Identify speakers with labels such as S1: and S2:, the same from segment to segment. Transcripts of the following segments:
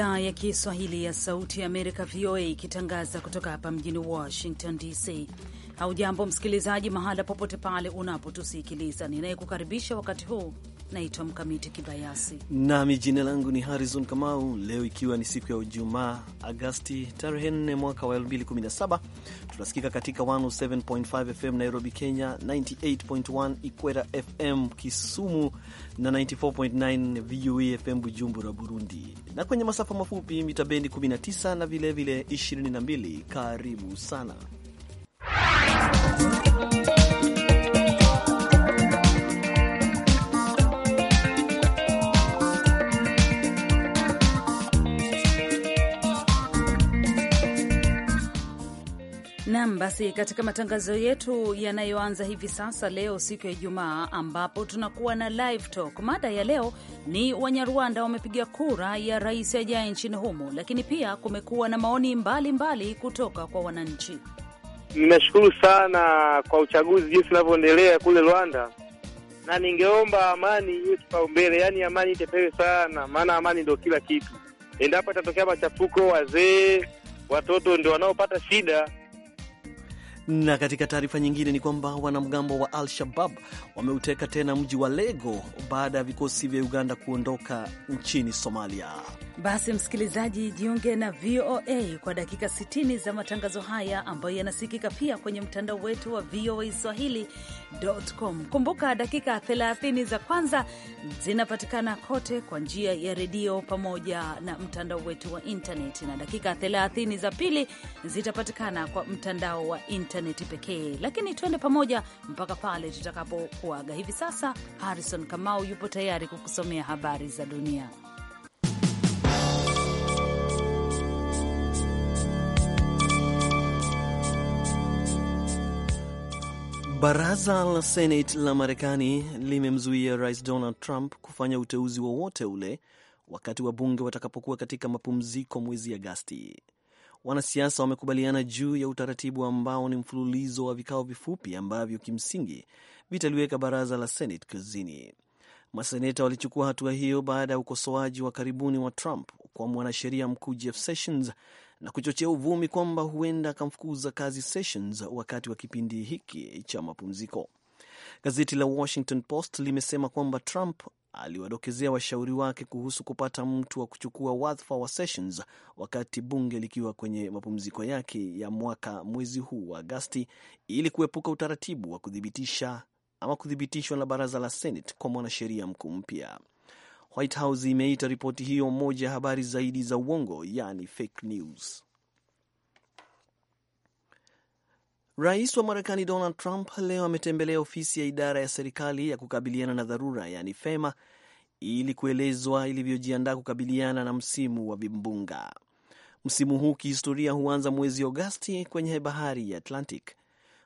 S1: idhaa ya Kiswahili ya Sauti ya Amerika, VOA, ikitangaza kutoka hapa mjini Washington DC. Haujambo msikilizaji, mahala popote pale unapotusikiliza. Ninayekukaribisha wakati huu Naitwa Mkamiti Kibayasi
S2: nami jina langu ni Harrison Kamau. Leo ikiwa ni siku ya Ijumaa, Agasti tarehe 4 mwaka wa 2017, tunasikika katika 107.5 FM Nairobi, Kenya, 98.1 Ikwera FM Kisumu na 94.9 VOA FM Bujumbura, Burundi, na kwenye masafa mafupi mita bendi 19 na vilevile 22. Karibu sana
S1: Nam, basi katika matangazo yetu yanayoanza hivi sasa leo, siku ya Ijumaa, ambapo tunakuwa na live talk. Mada ya leo ni Wanyarwanda wamepiga kura ya rais ajaye nchini humo, lakini pia kumekuwa na maoni mbalimbali mbali kutoka kwa wananchi.
S3: Nimeshukuru sana kwa uchaguzi jinsi unavyoendelea kule Rwanda,
S1: na ningeomba
S3: amani iwe kipaumbele, yaani amani itepewe sana, maana amani ndio kila kitu. Endapo itatokea machafuko, wazee, watoto ndio wanaopata shida
S2: na katika taarifa nyingine ni kwamba wanamgambo wa Al-Shabab wameuteka tena mji wa Lego baada ya vikosi vya Uganda kuondoka nchini Somalia.
S1: Basi msikilizaji, jiunge na VOA kwa dakika 60 za matangazo haya ambayo yanasikika pia kwenye mtandao wetu wa VOA Swahili com. Kumbuka dakika 30 za kwanza zinapatikana kote kwa njia ya redio pamoja na mtandao wetu wa intaneti, na dakika 30 za pili zitapatikana kwa mtandao wa intaneti pekee. Lakini tuende pamoja mpaka pale tutakapokuaga. Hivi sasa Harrison Kamau yupo tayari kukusomea habari za dunia.
S2: Baraza la Senate la Marekani limemzuia Rais Donald Trump kufanya uteuzi wowote wa ule wakati wa bunge watakapokuwa katika mapumziko mwezi Agasti. Wanasiasa wamekubaliana juu ya utaratibu ambao ni mfululizo wa vikao vifupi ambavyo kimsingi vitaliweka baraza la Senate kazini. Maseneta walichukua hatua hiyo baada ya ukosoaji wa karibuni wa Trump kwa mwanasheria mkuu Jeff Sessions na kuchochea uvumi kwamba huenda akamfukuza kazi Sessions wakati wa kipindi hiki cha mapumziko. Gazeti la Washington Post limesema kwamba Trump aliwadokezea washauri wake kuhusu kupata mtu wa kuchukua wadhifa wa Sessions wakati bunge likiwa kwenye mapumziko yake ya mwaka mwezi huu wa Agasti ili kuepuka utaratibu wa kuthibitisha ama kuthibitishwa na baraza la Senate kwa mwanasheria mkuu mpya. White House imeita ripoti hiyo moja ya habari zaidi za uongo, yani fake news. Rais wa Marekani Donald Trump leo ametembelea ofisi ya idara ya serikali ya kukabiliana na dharura, yani FEMA, ili kuelezwa ilivyojiandaa kukabiliana na msimu wa vimbunga. Msimu huu kihistoria huanza mwezi Agosti kwenye bahari ya Atlantic.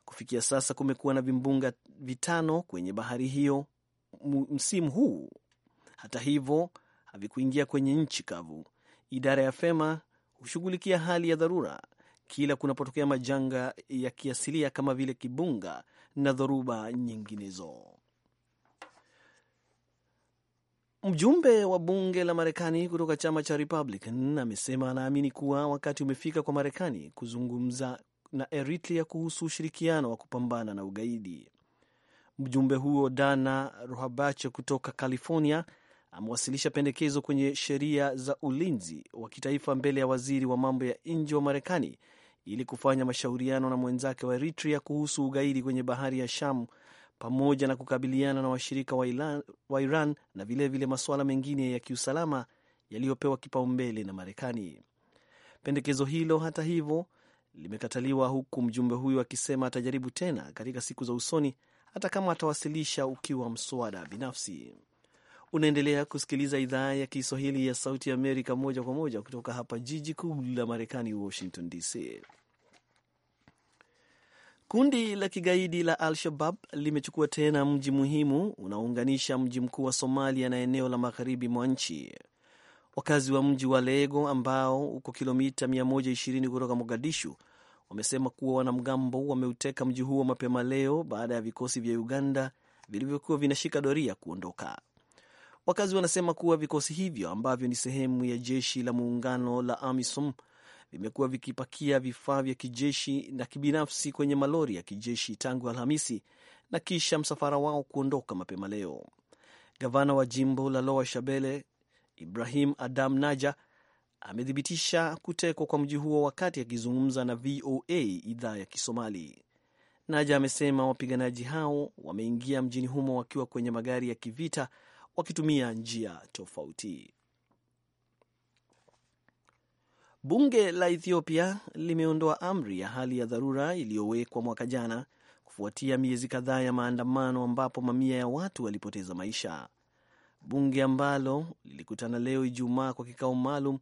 S2: Kufikia sasa kumekuwa na vimbunga vitano kwenye bahari hiyo msimu huu hata hivyo havikuingia kwenye nchi kavu. Idara ya FEMA hushughulikia hali ya dharura kila kunapotokea majanga ya kiasilia kama vile kibunga na dhoruba nyinginezo. Mjumbe wa bunge la Marekani kutoka chama cha Republican amesema anaamini kuwa wakati umefika kwa Marekani kuzungumza na Eritrea kuhusu ushirikiano wa kupambana na ugaidi. Mjumbe huo Dana Rohabache kutoka California amewasilisha pendekezo kwenye sheria za ulinzi wa kitaifa mbele ya waziri wa mambo ya nje wa Marekani ili kufanya mashauriano na mwenzake wa Eritrea kuhusu ugaidi kwenye bahari ya Sham pamoja na kukabiliana na washirika wa Iran na vilevile masuala mengine ya kiusalama yaliyopewa kipaumbele na Marekani. Pendekezo hilo hata hivyo limekataliwa, huku mjumbe huyo akisema atajaribu tena katika siku za usoni, hata kama atawasilisha ukiwa mswada binafsi. Unaendelea kusikiliza idhaa ya Kiswahili ya Sauti Amerika moja kwa moja kutoka hapa jiji kuu la Marekani, Washington DC. Kundi la kigaidi la Al-Shabab limechukua tena mji muhimu unaounganisha mji mkuu wa Somalia na eneo la magharibi mwa nchi. Wakazi wa mji wa Lego ambao uko kilomita 120 kutoka Mogadishu wamesema kuwa wanamgambo wameuteka mji huo mapema leo baada ya vikosi vya Uganda vilivyokuwa vinashika doria kuondoka. Wakazi wanasema kuwa vikosi hivyo ambavyo ni sehemu ya jeshi la muungano la AMISOM vimekuwa vikipakia vifaa vya kijeshi na kibinafsi kwenye malori ya kijeshi tangu Alhamisi na kisha msafara wao kuondoka mapema leo. Gavana wa jimbo la Loa shabele Ibrahim Adam Naja amethibitisha kutekwa kwa mji huo wakati akizungumza na VOA idhaa ya Kisomali. Naja amesema wapiganaji hao wameingia mjini humo wakiwa kwenye magari ya kivita wakitumia njia tofauti. Bunge la Ethiopia limeondoa amri ya hali ya dharura iliyowekwa mwaka jana kufuatia miezi kadhaa ya maandamano ambapo mamia ya watu walipoteza maisha. Bunge ambalo lilikutana leo Ijumaa kwa kikao maalum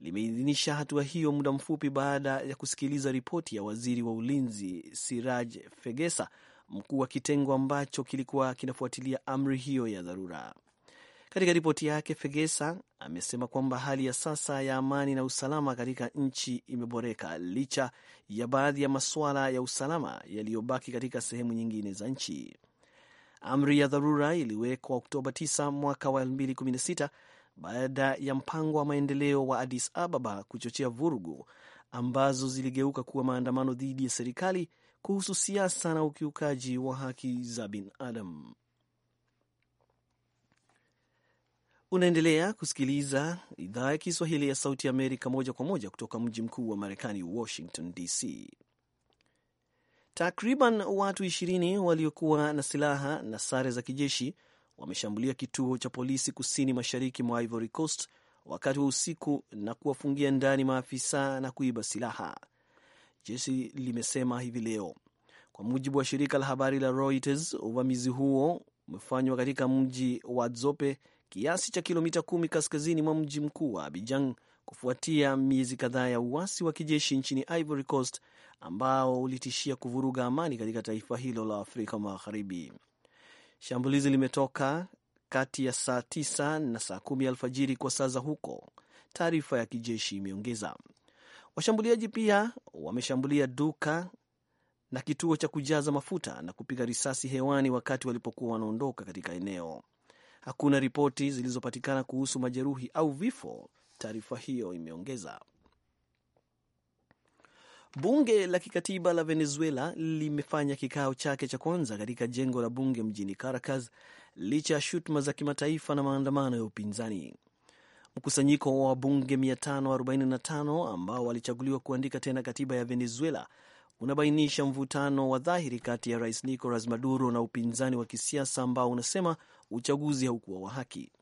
S2: limeidhinisha hatua hiyo muda mfupi baada ya kusikiliza ripoti ya waziri wa ulinzi Siraj Fegesa, mkuu wa kitengo ambacho kilikuwa kinafuatilia amri hiyo ya dharura. Katika ripoti yake, Fegesa amesema kwamba hali ya sasa ya amani na usalama katika nchi imeboreka licha ya baadhi ya masuala ya usalama yaliyobaki katika sehemu nyingine za nchi. Amri ya dharura iliwekwa Oktoba 9 mwaka wa 2016 baada ya mpango wa maendeleo wa Addis Ababa kuchochea vurugu ambazo ziligeuka kuwa maandamano dhidi ya serikali kuhusu siasa na ukiukaji wa haki za binadamu. Unaendelea kusikiliza idhaa ya Kiswahili ya Sauti ya Amerika moja kwa moja kutoka mji mkuu wa Marekani, Washington DC. Takriban watu ishirini waliokuwa na silaha na sare za kijeshi wameshambulia kituo cha polisi kusini mashariki mwa Ivory Coast wakati wa usiku na kuwafungia ndani maafisa na kuiba silaha, jeshi limesema hivi leo, kwa mujibu wa shirika la habari la Reuters. Uvamizi huo umefanywa katika mji wa Zope kiasi cha kilomita kumi kaskazini mwa mji mkuu wa Abidjan kufuatia miezi kadhaa ya uasi wa kijeshi nchini Ivory Coast ambao ulitishia kuvuruga amani katika taifa hilo la Afrika Magharibi. Shambulizi limetoka kati ya saa tisa na saa kumi alfajiri kwa saa za huko, taarifa ya kijeshi imeongeza. Washambuliaji pia wameshambulia duka na kituo cha kujaza mafuta na kupiga risasi hewani wakati walipokuwa wanaondoka katika eneo. Hakuna ripoti zilizopatikana kuhusu majeruhi au vifo, taarifa hiyo imeongeza. Bunge la kikatiba la Venezuela limefanya kikao chake cha kwanza katika jengo la bunge mjini Caracas licha ya shutuma za kimataifa na maandamano ya upinzani. Mkusanyiko wa wabunge 545 ambao walichaguliwa kuandika tena katiba ya Venezuela unabainisha mvutano wa dhahiri kati ya rais Nicolas Maduro na upinzani wa kisiasa ambao unasema uchaguzi haukuwa wa haki.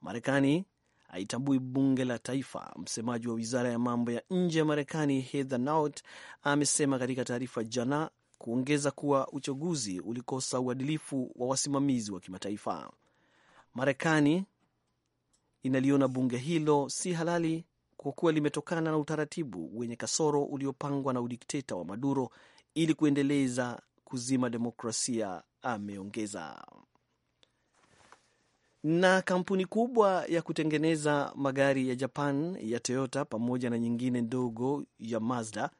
S2: Marekani haitambui bunge la taifa. Msemaji wa wizara ya mambo ya nje ya Marekani Heather Nauert amesema katika taarifa jana, kuongeza kuwa uchaguzi ulikosa uadilifu wa wasimamizi wa kimataifa. Marekani inaliona bunge hilo si halali kwa kuwa limetokana na utaratibu wenye kasoro uliopangwa na udikteta wa Maduro ili kuendeleza kuzima demokrasia, ameongeza. Na kampuni kubwa ya kutengeneza magari ya Japan ya Toyota pamoja na nyingine ndogo ya Mazda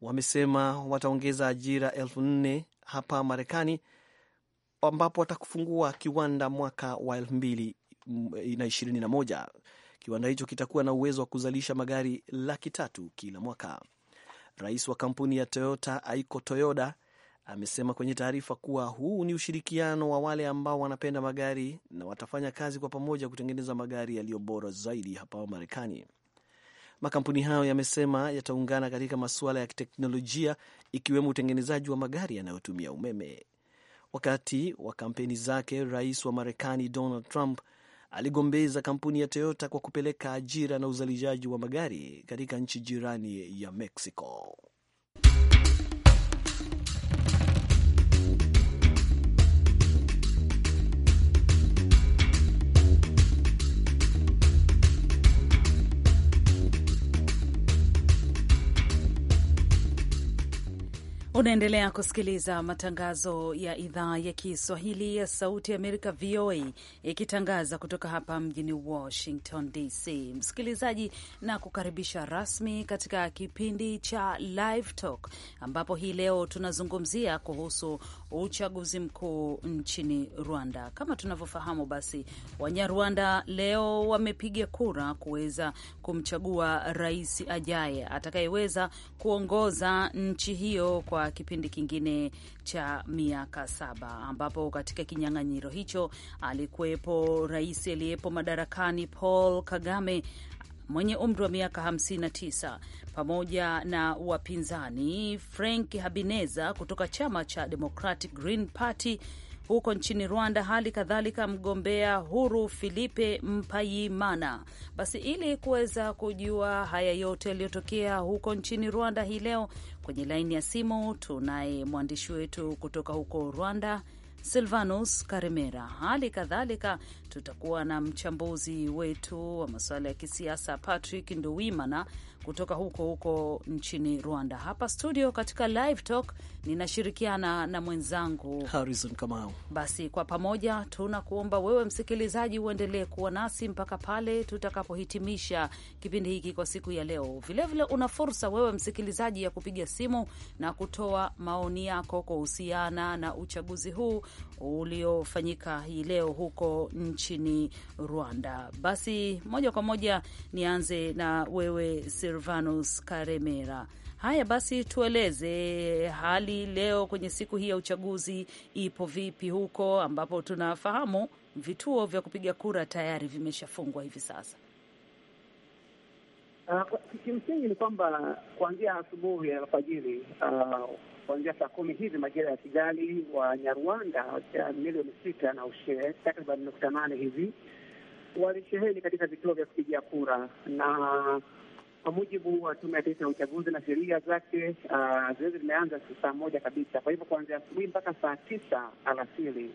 S2: wamesema wataongeza ajira elfu nne hapa Marekani ambapo watakufungua kiwanda mwaka wa elfu mbili mm, na ishirini na moja. Kiwanda hicho kitakuwa na uwezo wa kuzalisha magari laki tatu kila mwaka. Rais wa kampuni ya Toyota Aiko Toyoda amesema kwenye taarifa kuwa huu ni ushirikiano wa wale ambao wanapenda magari na watafanya kazi kwa pamoja kutengeneza magari yaliyo bora zaidi hapa Marekani. Makampuni hayo yamesema yataungana katika masuala ya teknolojia ikiwemo utengenezaji wa magari yanayotumia umeme. Wakati wa kampeni zake, rais wa Marekani Donald Trump aligombeza kampuni ya Toyota kwa kupeleka ajira na uzalishaji wa magari katika nchi jirani ya Mexico.
S1: Unaendelea kusikiliza matangazo ya idhaa ya Kiswahili ya Sauti Amerika, VOA, ikitangaza kutoka hapa mjini Washington DC. Msikilizaji, na kukaribisha rasmi katika kipindi cha Live Talk, ambapo hii leo tunazungumzia kuhusu uchaguzi mkuu nchini Rwanda. Kama tunavyofahamu, basi Wanyarwanda leo wamepiga kura kuweza kumchagua rais ajaye atakayeweza kuongoza nchi hiyo kwa kipindi kingine cha miaka saba, ambapo katika kinyang'anyiro hicho alikuwepo rais aliyepo madarakani Paul Kagame mwenye umri wa miaka 59 pamoja na wapinzani Frank Habineza kutoka chama cha Democratic Green Party huko nchini Rwanda, hali kadhalika mgombea huru Filipe Mpayimana. Basi ili kuweza kujua haya yote yaliyotokea huko nchini Rwanda hii leo, Kwenye laini ya simu tunaye mwandishi wetu kutoka huko Rwanda, Silvanus Karemera. Hali kadhalika tutakuwa na mchambuzi wetu wa masuala ya kisiasa Patrick Nduwimana kutoka huko huko nchini Rwanda. Hapa studio katika Live Talk ninashirikiana na mwenzangu Harrison Kamau. Basi kwa pamoja tunakuomba wewe msikilizaji uendelee kuwa nasi mpaka pale tutakapohitimisha kipindi hiki kwa siku ya leo. Vilevile vile una fursa wewe msikilizaji ya kupiga simu na kutoa maoni yako kuhusiana na uchaguzi huu uliofanyika hii leo huko nchini Rwanda. Basi moja kwa moja nianze na wewe Sir Gervanus Karemera. Haya basi, tueleze hali leo kwenye siku hii ya uchaguzi ipo vipi huko, ambapo tunafahamu vituo vya kupiga kura tayari vimeshafungwa hivi sasa.
S4: Uh, kimsingi ni kwamba kuanzia asubuhi ya alfajiri uh, kuanzia saa kumi hivi majira ya Kigali, Wanyarwanda milioni sita na ushee takriban nukta nane hivi walisheheni katika vituo vya kupigia kura na kwa mujibu wa Tume ya Taifa ya Uchaguzi na sheria zake, uh, zoezi limeanza saa moja kabisa. Kwa hivyo kuanzia asubuhi mpaka saa tisa alasiri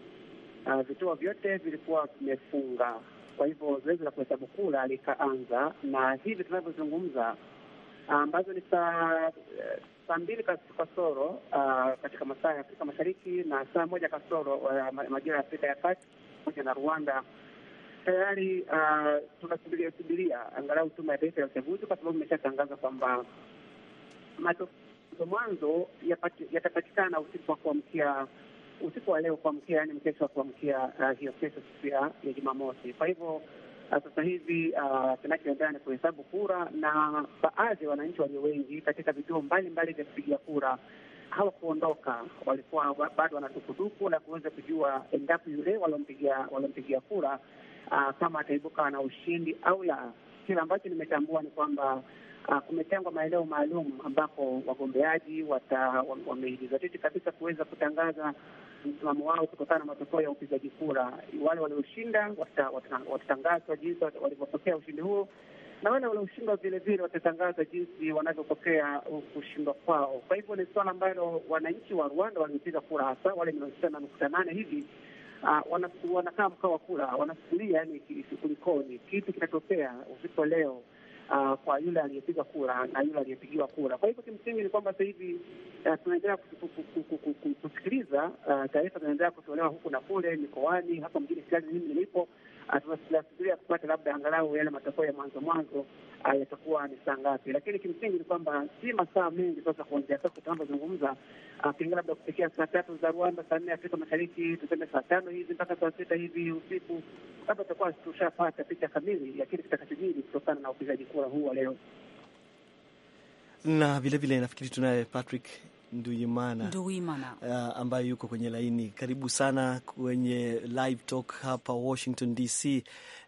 S4: uh, vituo vyote vilikuwa vimefunga. Kwa hivyo zoezi la kuhesabu kura likaanza, na hivi tunavyozungumza uh, ambazo uh, ni saa uh, saa mbili kasoro uh, katika masaa ya Afrika Mashariki na saa moja kasoro uh, majira ya Afrika ya Kati pamoja na Rwanda tayari uh, tunasubiria subiria angalau tume ya taifa ya uchaguzi, kwa sababu imeshatangaza kwamba matokeo mwanzo yatapatikana usiku wa kuamkia usiku wa leo kuamkia, yani mkesho wa kuamkia uh, hiyo kesho, siku ya Jumamosi. Kwa hivyo uh, sasa hivi kinachoendelea uh, ni kuhesabu kura, na baadhi ya wananchi walio wengi katika vituo mbalimbali vya kupigia kura hawakuondoka, walikuwa bado wanatukuduku na kuweza kujua endapo yule walompigia kura uh, kama ataibuka na ushindi au la. Kile ambacho nimetambua ni kwamba uh, kumetengwa maeneo maalum ambapo wagombeaji wamejizatiti kabisa kuweza kutangaza msimamo wao kutokana na matokeo ya upigaji kura. Wale walioshinda watatangazwa jinsi walivyopokea ushindi huo na wale walioshindwa vilevile watatangaza jinsi wanavyopokea kushindwa kwao. Kwa hivyo ni suala ambalo wananchi wa Rwanda waliopiga kura hasa wale milioni sita na nukta nane hivi uh, wanakaa mkao wa kula, wanafikiria yani kulikoni, kitu kinatokea usiku wa leo uh, kwa yule aliyepiga kura na yule aliyepigiwa kura. Kwa hivyo kimsingi ni kwamba sasa hivi uh, tunaendelea kusikiliza uh, taarifa zinaendelea kutolewa huku na kule mikoani, hapa mjini Kigali mimi nilipo tunafikiria kupata labda angalau yale matokeo ya mwanzo mwanzo ah, yatakuwa ni saa ngapi, lakini kimsingi ni kwamba si masaa mengi sasa kuanzia sasa tunavyozungumza, pengine ah, labda kufikia saa tatu za Rwanda, saa nne Afrika Mashariki, tuseme saa tano hivi mpaka saa sita hivi usiku, labda tutakuwa tushapata picha kamili ya kile kitakachojiri kutokana na upigaji kura huu wa leo
S2: na vilevile nafikiri tunaye Patrick Nduimana,
S1: Nduimana.
S2: Uh, ambayo yuko kwenye laini. Karibu sana kwenye live talk hapa Washington DC.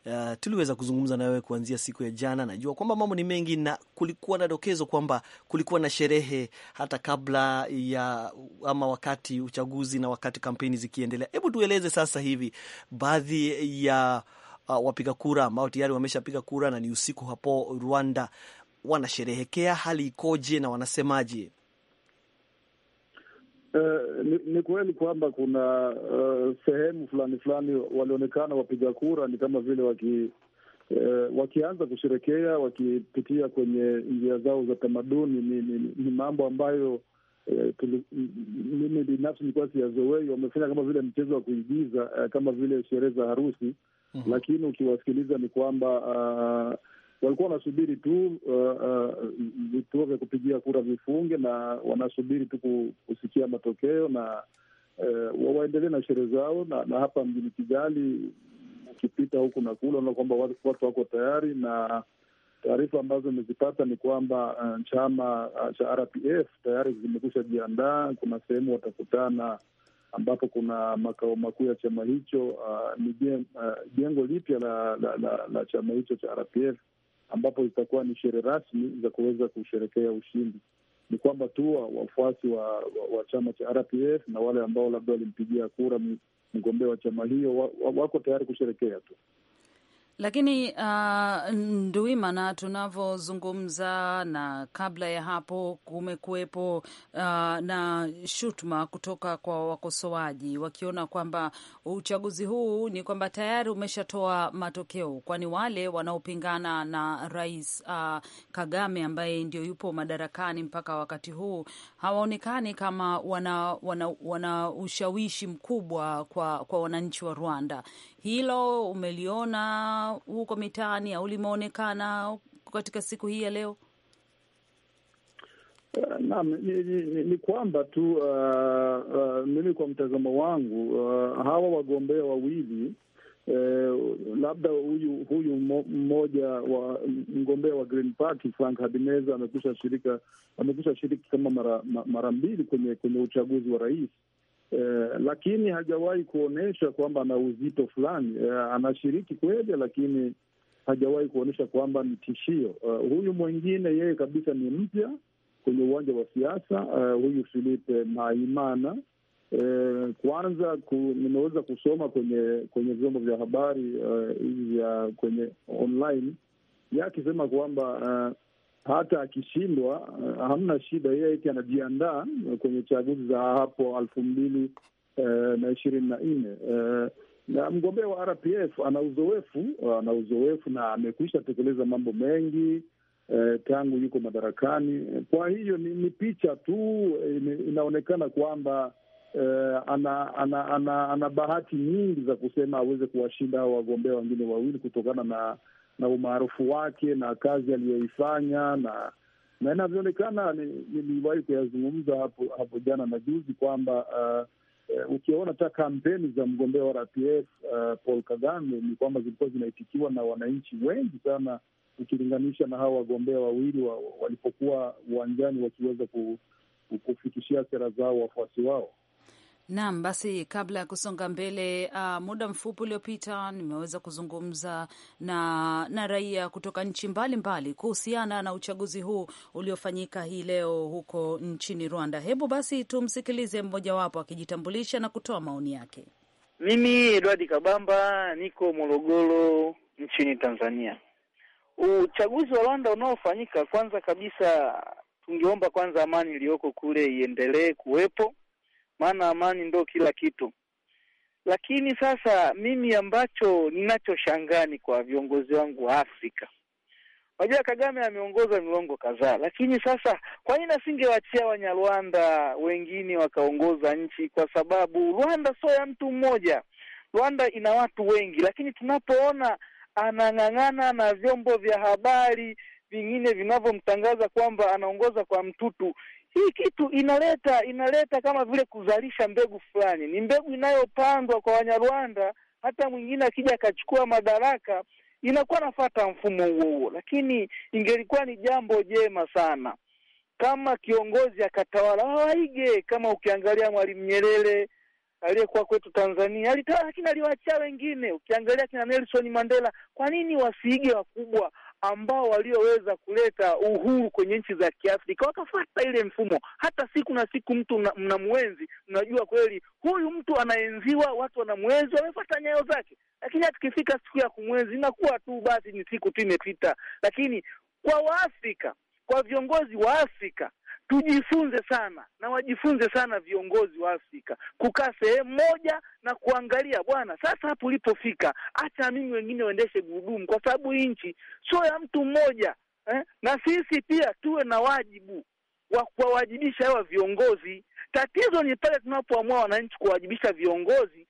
S2: Uh, tuliweza kuzungumza na wewe kuanzia siku ya jana. Najua kwamba mambo ni mengi na kulikuwa na dokezo kwamba kulikuwa na sherehe hata kabla ya ama wakati uchaguzi na wakati kampeni zikiendelea. Hebu tueleze sasa hivi baadhi ya uh, wapiga kura ambao tayari wameshapiga kura na ni usiku hapo Rwanda, wanasherehekea hali ikoje na wanasemaje?
S5: Uh, ni, kweli kwamba kuna uh, sehemu fulani fulani walionekana wapiga kura ni kama vile waki uh, wakianza kusherekea wakipitia kwenye njia zao za tamaduni. Ni, ni, ni mambo ambayo uh, mimi binafsi nilikuwa siyazoei. Wamefanya kama vile mchezo wa kuigiza uh, kama vile sherehe za harusi mm -hmm. Lakini ukiwasikiliza ni kwamba uh, walikuwa wanasubiri tu vituo uh, uh, vya kupigia kura vifunge, na wanasubiri tu kusikia matokeo na uh, waendelee na sherehe zao, na, na hapa mjini Kigali ukipita huku na kule unaona kwamba watu wako tayari, na taarifa ambazo imezipata ni kwamba uh, chama uh, cha RPF tayari zimekusha jiandaa. Kuna sehemu watakutana ambapo kuna makao makuu ya chama hicho uh, ni uh, jengo uh, lipya la, la, la, la chama hicho cha RPF ambapo zitakuwa ni sherehe rasmi za kuweza kusherekea ushindi. Ni kwamba tu wafuasi wa, wa, wa chama cha RPF na wale ambao labda walimpigia kura mgombea wa chama hiyo wa, wa, wako tayari kusherekea tu.
S1: Lakini uh, ah, Nduimana, tunavyozungumza na kabla ya hapo, kumekuwepo uh, na shutuma kutoka kwa wakosoaji wakiona kwamba uchaguzi huu ni kwamba tayari umeshatoa matokeo, kwani wale wanaopingana na rais uh, Kagame ambaye ndio yupo madarakani mpaka wakati huu hawaonekani kama wana, wana, wana ushawishi mkubwa kwa, kwa wananchi wa Rwanda hilo umeliona huko mitaani au limeonekana katika siku hii ya leo?
S5: Eh, naam, ni, ni, ni, ni kwamba tu uh, uh, mimi kwa mtazamo wangu uh, hawa wagombea wawili uh, labda huyu huyu mmoja wa mgombea wa Green Party Frank Habineza amekusha shirika amekusha shiriki kama mara mara mbili kwenye kwenye uchaguzi wa rais Eh, lakini hajawahi kuonyesha kwamba ana uzito fulani. Eh, anashiriki kweli, lakini hajawahi kuonyesha kwamba ni tishio. Eh, huyu mwingine yeye kabisa ni mpya kwenye uwanja wa siasa. Eh, huyu Philipe Maimana eh, kwanza ku, nimeweza kusoma kwenye kwenye vyombo vya habari eh, hivi eh, vya kwenye online yakisema kwamba eh, hata akishindwa eh, hamna shida, yeye eti anajiandaa eh, kwenye chaguzi za hapo elfu mbili eh, na ishirini na nne na mgombea wa RPF ana uzoefu ana uzoefu na amekwisha tekeleza mambo mengi eh, tangu yuko madarakani. Kwa hiyo ni, ni picha tu inaonekana kwamba eh, ana, ana, ana, ana bahati nyingi za kusema aweze kuwashinda hao wagombea wengine wawili kutokana na na umaarufu wake na kazi aliyoifanya na na inavyoonekana, niliwahi kuyazungumza hapo hapo jana na juzi kwamba uh, uh, ukiona hata kampeni za mgombea wa RPF uh, Paul Kagame ni kwamba zilikuwa zinaitikiwa na wananchi wengi sana, ukilinganisha na hawa wagombea wawili wa, walipokuwa uwanjani wakiweza ku, kufikishia sera zao wafuasi wao.
S1: Naam, basi kabla ya kusonga mbele, uh, muda mfupi uliopita nimeweza kuzungumza na, na raia kutoka nchi mbalimbali kuhusiana na uchaguzi huu uliofanyika hii leo huko nchini Rwanda. Hebu basi tumsikilize mmojawapo akijitambulisha na kutoa maoni yake.
S3: Mimi Edward Kabamba niko Morogoro nchini Tanzania. Uchaguzi wa Rwanda unaofanyika, kwanza kabisa tungeomba kwanza amani iliyoko kule iendelee kuwepo maana amani ndo kila kitu. Lakini sasa mimi ambacho ninachoshangani kwa viongozi wangu wa Afrika, wajua Kagame ameongoza milongo kadhaa, lakini sasa kwa nini asingewachia Wanyarwanda wengine wakaongoza nchi? Kwa sababu Rwanda sio ya mtu mmoja, Rwanda ina watu wengi, lakini tunapoona anang'ang'ana na vyombo vya habari vingine vinavyomtangaza kwamba anaongoza kwa mtutu. Hii kitu inaleta inaleta kama vile kuzalisha mbegu fulani, ni mbegu inayopandwa kwa Wanyarwanda. Hata mwingine akija akachukua madaraka inakuwa nafata mfumo huo huo, lakini ingelikuwa ni jambo jema sana kama kiongozi akatawala waige Kama ukiangalia Mwalimu Nyerere aliyekuwa kwetu Tanzania alitawala, lakini aliwaachia wengine. Ukiangalia kina Nelson Mandela, kwa nini wasiige wakubwa? ambao walioweza kuleta uhuru kwenye nchi za Kiafrika wakafata ile mfumo. Hata siku na siku mtu mnamwenzi, mnajua kweli huyu mtu anaenziwa, watu wanamwenzi, wamefata nyayo zake, lakini hatukifika siku ya kumwenzi inakuwa tu basi ni siku tu imepita. Lakini kwa Waafrika, kwa viongozi wa Afrika tujifunze sana na wajifunze sana viongozi wa Afrika kukaa sehemu moja na kuangalia, bwana, sasa hapo ulipofika, acha mimi wengine waendeshe gurudumu, kwa sababu hii nchi sio ya mtu mmoja eh? Na sisi pia tuwe na wajibu wa kuwawajibisha hawa viongozi. Tatizo ni pale tunapoamua wananchi kuwawajibisha viongozi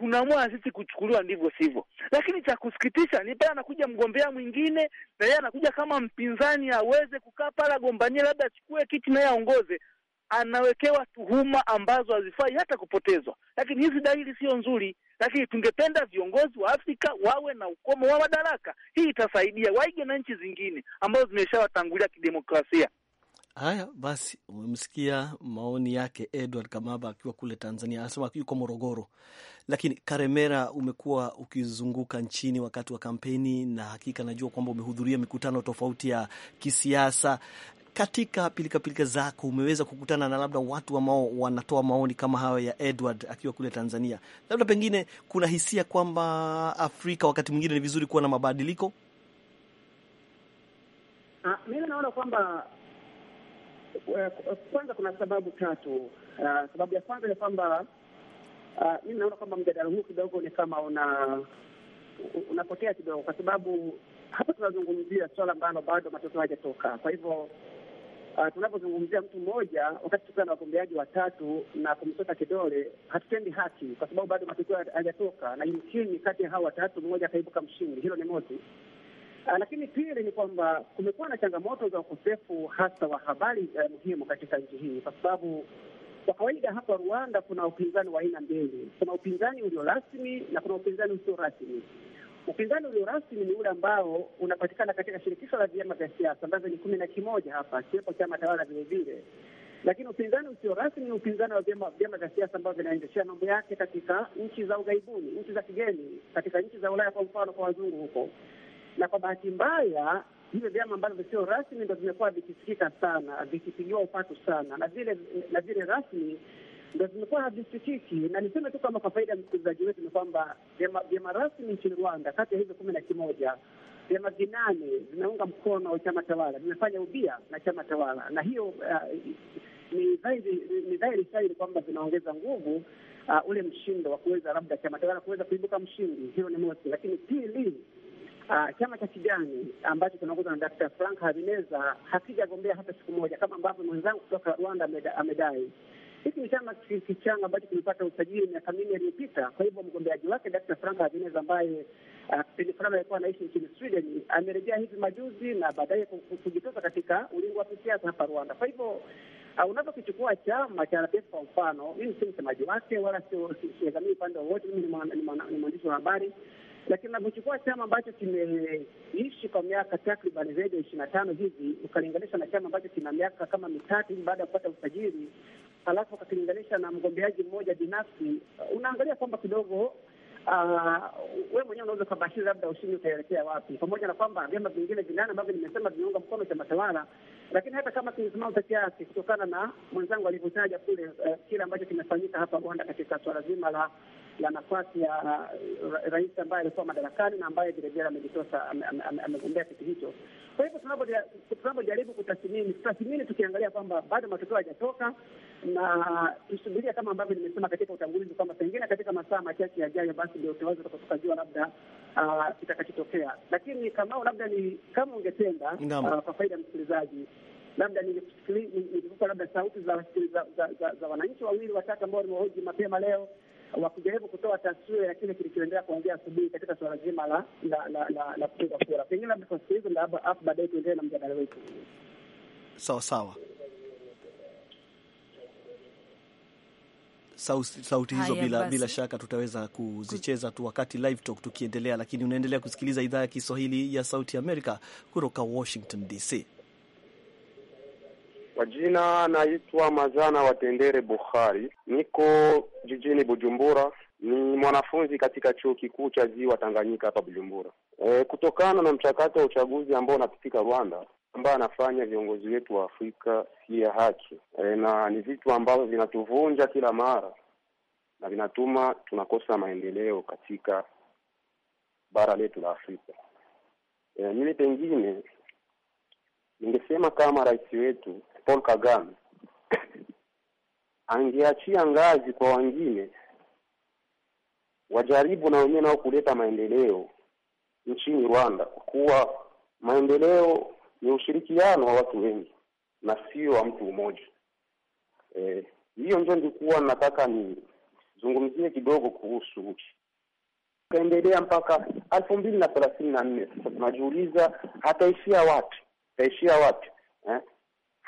S3: tunaamua sisi kuchukuliwa ndivyo sivyo. Lakini cha kusikitisha ni pale anakuja mgombea mwingine na yeye anakuja kama mpinzani, aweze kukaa pale agombanie, labda achukue kiti naye aongoze, anawekewa tuhuma ambazo hazifai hata kupotezwa. Lakini hizi dalili sio nzuri, lakini tungependa viongozi wa Afrika wawe na ukomo wa madaraka. Hii itasaidia waige na nchi zingine ambazo zimeshawatangulia kidemokrasia.
S2: Haya basi, umemsikia maoni yake Edward Kamaba akiwa kule Tanzania, anasema yuko Morogoro. Lakini Karemera, umekuwa ukizunguka nchini wakati wa kampeni, na hakika najua kwamba umehudhuria mikutano tofauti ya kisiasa. Katika pilikapilika zako umeweza kukutana na labda watu ambao wa wanatoa maoni kama hayo ya Edward akiwa kule Tanzania, labda pengine kuna hisia kwamba Afrika wakati mwingine ni vizuri kuwa na mabadiliko.
S4: Ah, mimi naona kwamba Eh, kwanza kuna sababu tatu. Uh, sababu ya kwanza ni kwamba uh, mimi naona kwamba mjadala huu kidogo ni kama una unapotea kidogo, kwa sababu hapa tunazungumzia swala ambalo bado matoto hajatoka. Kwa hivyo uh, tunapozungumzia mtu mmoja wakati tukiwa na wagombeaji watatu na kumsota kidole, hatutendi haki, kwa sababu bado matokeo hajatoka, na yumkini kati ya hao watatu mmoja akaibuka mshindi. Hilo ni mosi. Ah, lakini pili ni kwamba kumekuwa na changamoto za ukosefu hasa wa habari uh, muhimu katika nchi hii, kwa sababu kwa kawaida hapa Rwanda kuna upinzani wa aina mbili. Kuna upinzani ulio rasmi na kuna upinzani usio rasmi. Upinzani ulio rasmi ni ule ambao unapatikana katika shirikisho la vyama vya siasa ambavyo ni kumi na kimoja hapa, kiwepo chama tawala vilevile. Lakini upinzani usio rasmi ni upinzani wa vyama vya siasa ambavyo vinaendeshea mambo yake katika nchi za ughaibuni, nchi za kigeni, katika nchi za Ulaya, kwa mfano kwa wazungu huko na kwa bahati mbaya vile vyama ambavyo visio rasmi ndo vimekuwa vikisikika sana, vikipigiwa upatu sana, na vile na vile rasmi ndo vimekuwa havisikiki. Na niseme tu kama kwa faida ya msikilizaji wetu ni kwamba vyama rasmi nchini Rwanda, kati ya hizo kumi na kimoja vyama vinane vimeunga mkono chama tawala, vimefanya ubia na chama tawala, na hiyo uh, ni dhahiri shahiri kwamba vinaongeza nguvu uh, ule mshindo wa kuweza labda chama tawala kuweza kuibuka mshindi. Hiyo ni mosi, lakini pili Uh, chama cha kijani ambacho kinaongozwa na Dkt. Frank Habineza hakijagombea hata siku moja, kama ambavyo mwenzangu kutoka Rwanda amedai. Hiki ni chama kichanga ambacho kimepata usajili miaka minne iliyopita. Kwa hivyo mgombeaji wake Dkt. Frank Habineza ambaye kipindi fulani alikuwa anaishi nchini Sweden amerejea hivi majuzi na baadaye kujitoza katika ulingo wa kisiasa hapa Rwanda. Kwa hivyo unapokichukua chama cha RPF kwa mfano, mimi si msemaji wake wala siegamii upande wowote. Mimi ni mwandishi wa habari lakini unapochukua chama ambacho kimeishi kwa miaka takriban zaidi ya ishirini na tano hivi ukalinganisha na chama ambacho kina miaka kama mitatu hivi baada ya kupata usajili, alafu ukakilinganisha na mgombeaji mmoja binafsi, uh, unaangalia kwamba kidogo Uh, uh, mwenyewe unaweza ukabashiri labda ushindi utaelekea wapi, pamoja na kwamba vyama vingine vinane ambavyo nimesema vimeunga mkono chama tawala, lakini hata kama kimesimama peke yake, kutokana na mwenzangu alivyotaja kule uh, kile ambacho kimefanyika hapa Rwanda katika swala zima la ya nafasi ya uh, rais ambaye alikuwa madarakani na ambaye vilevile amejitosa amegombea kiti hicho. Kwa hivyo tunavyojaribu kutathmini, tutathmini tukiangalia kwamba bado matokeo hayajatoka, na tusubiria kama ambavyo nimesema katika utangulizi kwamba pengine katika masaa machache yajayo, basi ndio tunaweza tukajua labda uh, kitakachotokea. Uh, lakini kama labda ni kama ungetenda uh, kwa faida ya msikilizaji labda ningekupa labda sauti za za, za, za, za wananchi wawili watatu ambao nimewahoji mapema leo wakijaribu kutoa taswira ya kile kilichoendelea kuanzia asubuhi katika suala zima la la la, la, la kupiga kura. Pengine labda hizo labda afu baadaye tuendelee na mjadala wetu.
S2: Sawa sawa. Sauti, sauti hizo bila, bila shaka tutaweza kuzicheza tu wakati live talk tukiendelea, lakini unaendelea kusikiliza idhaa ya Kiswahili ya Sauti Amerika kutoka Washington DC.
S6: Kwa jina naitwa Mazana Watendere Bukhari, niko jijini Bujumbura, ni mwanafunzi katika chuo kikuu cha Ziwa Tanganyika hapa Bujumbura. E, kutokana na mchakato wa uchaguzi ambao unapitika Rwanda ambayo anafanya viongozi wetu wa Afrika si ya haki e, na ni vitu ambavyo vinatuvunja kila mara na vinatuma tunakosa maendeleo katika bara letu la Afrika. E, mimi pengine ningesema kama rais wetu Paul Kagame angeachia ngazi kwa wengine wajaribu na wenyewe nao kuleta maendeleo nchini Rwanda, kuwa maendeleo ni ushirikiano wa watu wengi na sio wa mtu mmoja. E, hiyo e, ndio ndikuwa nataka nizungumzie kidogo kuhusu kaendelea mpaka elfu mbili na thelathini na nne. Sasa tunajiuliza hataishia wapi, ataishia wapi eh?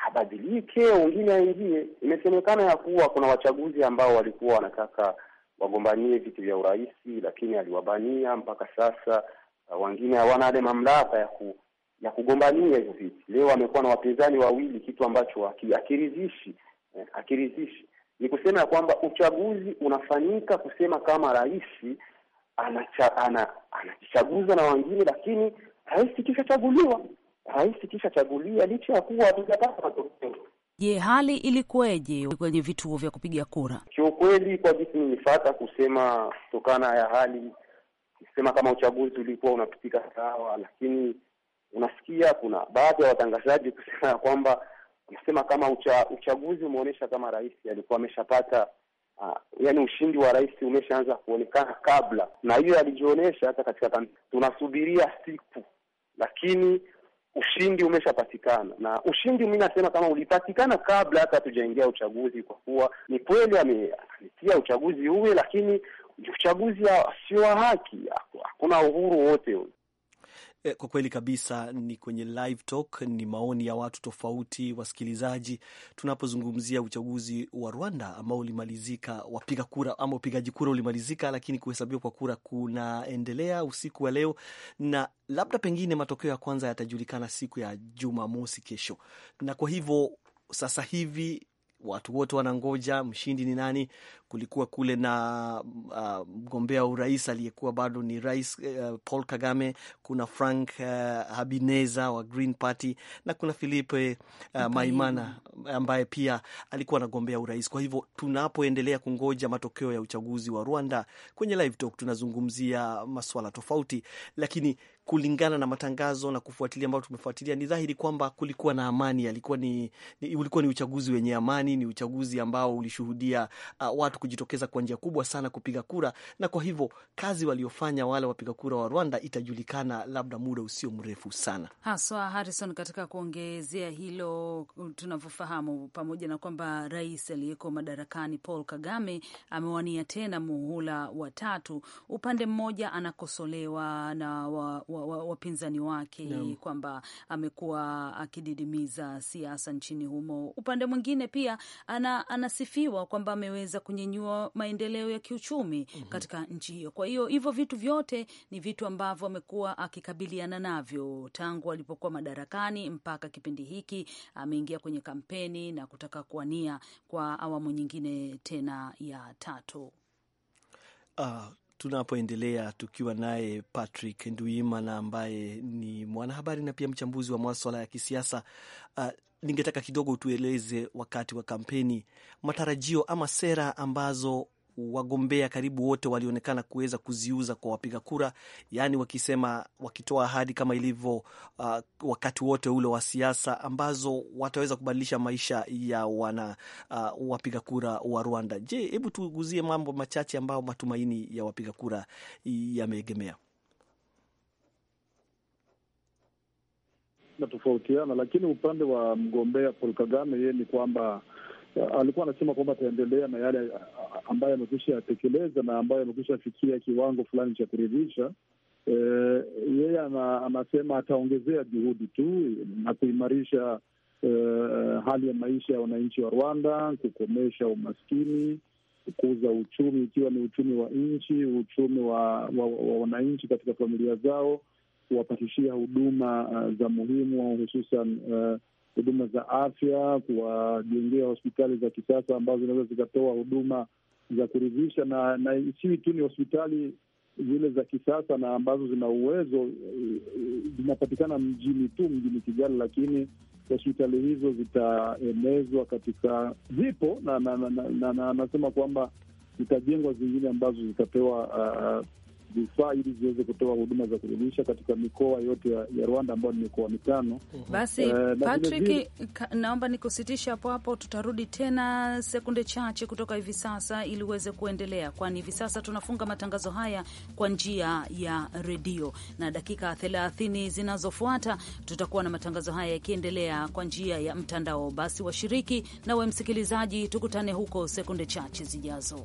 S6: abadilike, wengine aingie. Imesemekana ya kuwa kuna wachaguzi ambao walikuwa wanataka wagombanie viti vya urais, lakini aliwabania mpaka sasa. wengine hawana ile mamlaka ya ku, ya kugombania hizo viti. Leo amekuwa na wapinzani wawili, kitu ambacho hakiridhishi. Eh, hakiridhishi ni kusema ya kwamba uchaguzi unafanyika kusema kama rais anajichaguza ana, ana, na wengine, lakini rais kishachaguliwa rais kishachagulia licha
S1: ya kuwa hatujapata matokeo. Je, hali ilikuweje kwenye vituo vya kupiga kura?
S6: Kiukweli, kwa jinsi nilifata kusema, kutokana ya hali sema kama uchaguzi ulikuwa unapitika sawa, lakini unasikia kuna baadhi ya watangazaji kusema ya kwamba unasema kama ucha, uchaguzi umeonyesha kama rais alikuwa ameshapata Uh, yani ushindi wa rais umeshaanza kuonekana kabla, na hiyo alijionyesha hata katika. Tunasubiria siku, lakini ushindi umeshapatikana, na ushindi mimi nasema kama ulipatikana kabla hata hatujaingia uchaguzi, kwa kuwa ni kweli amenitia uchaguzi uwe, lakini uchaguzi sio wa haki, hakuna uhuru wote ule.
S2: Eh, kwa kweli kabisa ni kwenye live talk, ni maoni ya watu tofauti, wasikilizaji, tunapozungumzia uchaguzi wa Rwanda ambao ulimalizika, wapiga kura ama upigaji kura ulimalizika, lakini kuhesabiwa kwa kura kunaendelea usiku wa leo, na labda pengine matokeo ya kwanza yatajulikana siku ya Jumamosi, kesho, na kwa hivyo sasa hivi watu wote wanangoja mshindi ni nani. Kulikuwa kule na uh, mgombea wa urais aliyekuwa bado ni rais uh, Paul Kagame, kuna Frank uh, Habineza wa Green Party na kuna Filipe uh, Maimana ambaye pia alikuwa anagombea urais. Kwa hivyo tunapoendelea kungoja matokeo ya uchaguzi wa Rwanda, kwenye Live Talk tunazungumzia maswala tofauti, lakini kulingana na matangazo na kufuatilia ambayo tumefuatilia, ni dhahiri kwamba kulikuwa na amani, alikuwa ni, ni, ulikuwa ni uchaguzi wenye amani, ni uchaguzi ambao ulishuhudia uh, watu kujitokeza kwa njia kubwa sana kupiga kura, na kwa hivyo kazi waliofanya wale wapiga kura wa Rwanda itajulikana labda muda usio mrefu sana
S1: haswa. Harrison, katika kuongezea hilo, tunavyofahamu pamoja na kwamba rais aliyeko madarakani Paul Kagame amewania tena muhula wa tatu, upande mmoja anakosolewa na wa wapinzani wa, wa wake no. kwamba amekuwa akididimiza siasa nchini humo. Upande mwingine pia ana, anasifiwa kwamba ameweza kunyenyua maendeleo ya kiuchumi mm -hmm. katika nchi hiyo. Kwa hiyo hivyo vitu vyote ni vitu ambavyo amekuwa akikabiliana navyo tangu alipokuwa madarakani mpaka kipindi hiki ameingia kwenye kampeni na kutaka kuwania kwa awamu nyingine tena ya tatu.
S2: Uh, tunapoendelea tukiwa naye Patrick Nduimana ambaye ni mwanahabari na pia mchambuzi wa maswala ya kisiasa. Uh, ningetaka kidogo tueleze wakati wa kampeni matarajio ama sera ambazo wagombea karibu wote walionekana kuweza kuziuza kwa wapiga kura, yaani wakisema, wakitoa ahadi kama ilivyo uh, wakati wote ule wa siasa ambazo wataweza kubadilisha maisha ya wana uh, wapiga kura wa Rwanda. Je, hebu tuguzie mambo machache ambayo matumaini ya wapiga kura yameegemea.
S5: Natofautiana, lakini upande wa mgombea Paul Kagame, yeye ni kwamba Uh, alikuwa anasema kwamba ataendelea na yale uh, uh, ambayo amekwisha yatekeleza na ambayo amekwisha fikia kiwango fulani cha kuridhisha. E, yeye ana, anasema ataongezea juhudi tu na kuimarisha e, hali ya maisha ya wananchi wa Rwanda, kukomesha umaskini, kukuza uchumi, ikiwa ni uchumi wa nchi, uchumi wa, wa, wa wananchi katika familia zao, kuwapatishia huduma uh, za muhimu hususan uh, huduma za afya, kuwajengea hospitali za kisasa ambazo zinaweza zikatoa huduma za kuridhisha, na na isiwi tu ni hospitali zile za kisasa na ambazo zina uwezo eh, eh, zinapatikana mjini tu mjini Kigali, lakini hospitali hizo zitaenezwa katika zipo na anasema na, na, na, na, kwamba zitajengwa zingine ambazo zitapewa uh, ah, vifaa ili ziweze kutoa huduma za kurudisha katika mikoa yote ya, ya Rwanda ambayo ni mikoa mitano.
S1: Mhm. Basi uh, Patrick na ka, naomba nikusitisha hapo hapo, tutarudi tena sekunde chache kutoka hivi sasa ili uweze kuendelea, kwani hivi sasa tunafunga matangazo haya kwa njia ya redio, na dakika thelathini zinazofuata tutakuwa na matangazo haya yakiendelea kwa njia ya mtandao. Basi washiriki na we msikilizaji, tukutane huko sekunde chache zijazo.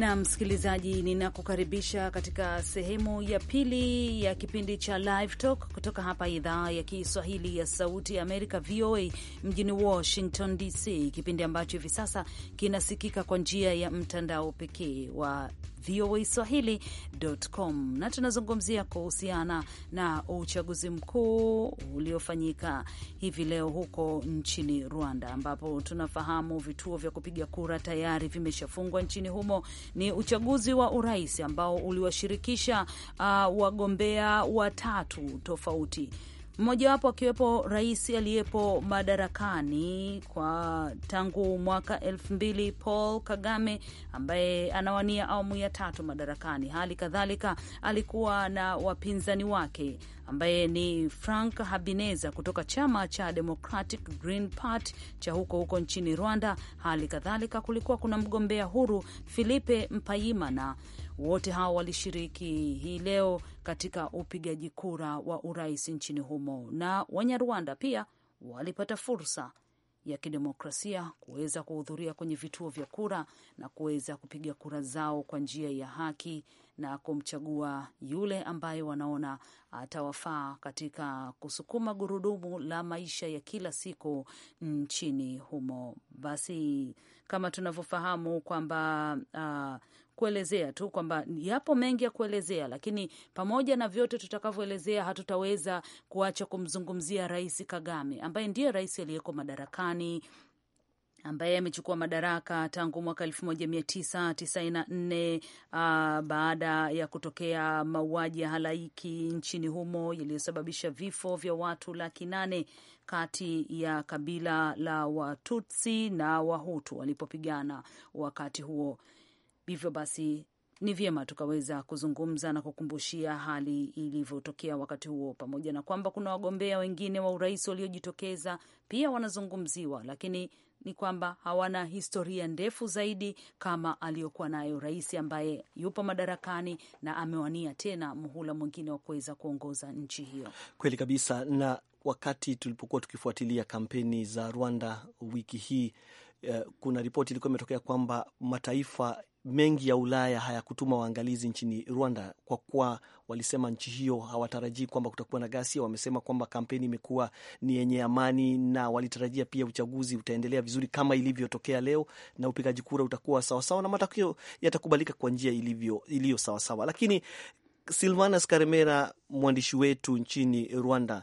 S1: na msikilizaji, ninakukaribisha katika sehemu ya pili ya kipindi cha Live Talk kutoka hapa idhaa ya Kiswahili ya Sauti ya Amerika, VOA mjini Washington DC, kipindi ambacho hivi sasa kinasikika kwa njia ya mtandao pekee wa voaswahili.com. Na tunazungumzia kuhusiana na uchaguzi mkuu uliofanyika hivi leo huko nchini Rwanda, ambapo tunafahamu vituo vya kupiga kura tayari vimeshafungwa nchini humo. Ni uchaguzi wa urais ambao uliwashirikisha uh, wagombea watatu tofauti mmojawapo akiwepo rais aliyepo madarakani kwa tangu mwaka elfu mbili Paul Kagame ambaye anawania awamu ya tatu madarakani. Hali kadhalika alikuwa na wapinzani wake ambaye ni Frank Habineza kutoka chama cha Democratic Green Party cha huko huko nchini Rwanda. Hali kadhalika kulikuwa kuna mgombea huru Philippe Mpayimana wote hao walishiriki hii leo katika upigaji kura wa urais nchini humo, na Wanyarwanda pia walipata fursa ya kidemokrasia kuweza kuhudhuria kwenye vituo vya kura na kuweza kupiga kura zao kwa njia ya haki na kumchagua yule ambaye wanaona atawafaa katika kusukuma gurudumu la maisha ya kila siku nchini humo. Basi kama tunavyofahamu kwamba uh, kuelezea tu kwamba yapo mengi ya kuelezea, lakini pamoja na vyote tutakavyoelezea, hatutaweza kuacha kumzungumzia Rais Kagame ambaye ndiye rais aliyeko madarakani ambaye amechukua madaraka tangu mwaka elfu moja mia tisa tisaini na nne ah, baada ya kutokea mauaji ya halaiki nchini humo yaliyosababisha vifo vya watu laki nane kati ya kabila la Watutsi na Wahutu walipopigana wakati huo. Hivyo basi ni vyema tukaweza kuzungumza na kukumbushia hali ilivyotokea wakati huo, pamoja na kwamba kuna wagombea wengine wa urais waliojitokeza pia wanazungumziwa, lakini ni kwamba hawana historia ndefu zaidi kama aliyokuwa nayo rais ambaye yupo madarakani na amewania tena muhula mwingine wa kuweza kuongoza nchi hiyo.
S2: Kweli kabisa. Na wakati tulipokuwa tukifuatilia kampeni za Rwanda wiki hii eh, kuna ripoti ilikuwa imetokea kwamba mataifa mengi ya Ulaya hayakutuma waangalizi nchini Rwanda kwa kuwa walisema nchi hiyo hawatarajii kwamba kutakuwa na ghasia. Wamesema kwamba kampeni imekuwa ni yenye amani na walitarajia pia uchaguzi utaendelea vizuri kama ilivyotokea leo, na upigaji kura utakuwa sawasawa na matokeo yatakubalika kwa njia iliyo sawasawa. Lakini Silvanas Karemera, mwandishi wetu nchini Rwanda,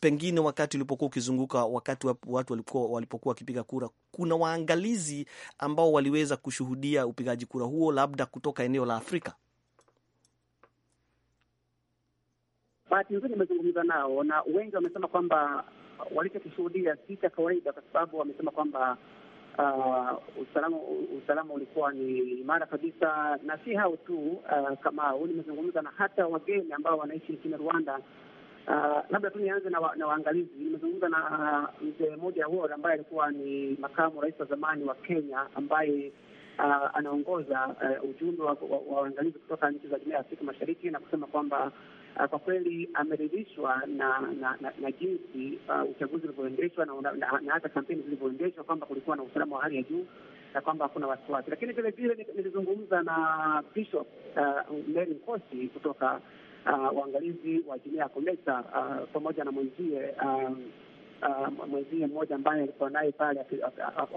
S2: pengine wakati ulipokuwa ukizunguka, wakati watu walipokuwa wakipiga kura, kuna waangalizi ambao waliweza kushuhudia upigaji kura huo, labda kutoka eneo la Afrika?
S4: Bahati nzuri nimezungumza nao na wengi wamesema kwamba walichokishuhudia si cha kawaida, kwa sababu wamesema kwamba uh, usalama usalama ulikuwa ni imara kabisa, na si hao tu uh, kama nimezungumza na hata wageni ambao wanaishi nchini Rwanda Ah, labda tu nianze na, wa, na waangalizi. Nimezungumza na ah, mzee mmoja Awol ambaye alikuwa ni makamu rais wa zamani wa Kenya ambaye uh, anaongoza uh, ujumbe wa, wa, wa waangalizi kutoka nchi za jumuiya ya Afrika Mashariki na kusema kwamba uh, kwa kweli ameridhishwa na na, na, na jinsi uh, uchaguzi ulivyoendeshwa na, na, na, na hata kampeni zilivyoendeshwa kwamba kulikuwa na usalama wa hali ya juu na kwamba hakuna wasiwasi. Lakini vile vile nilizungumza na Bishop uh, Mary Nkosi kutoka uh, wa jumuiya ya COMESA uh, pamoja na mwenzie um, uh, mwenzie mmoja ambaye alikuwa naye pale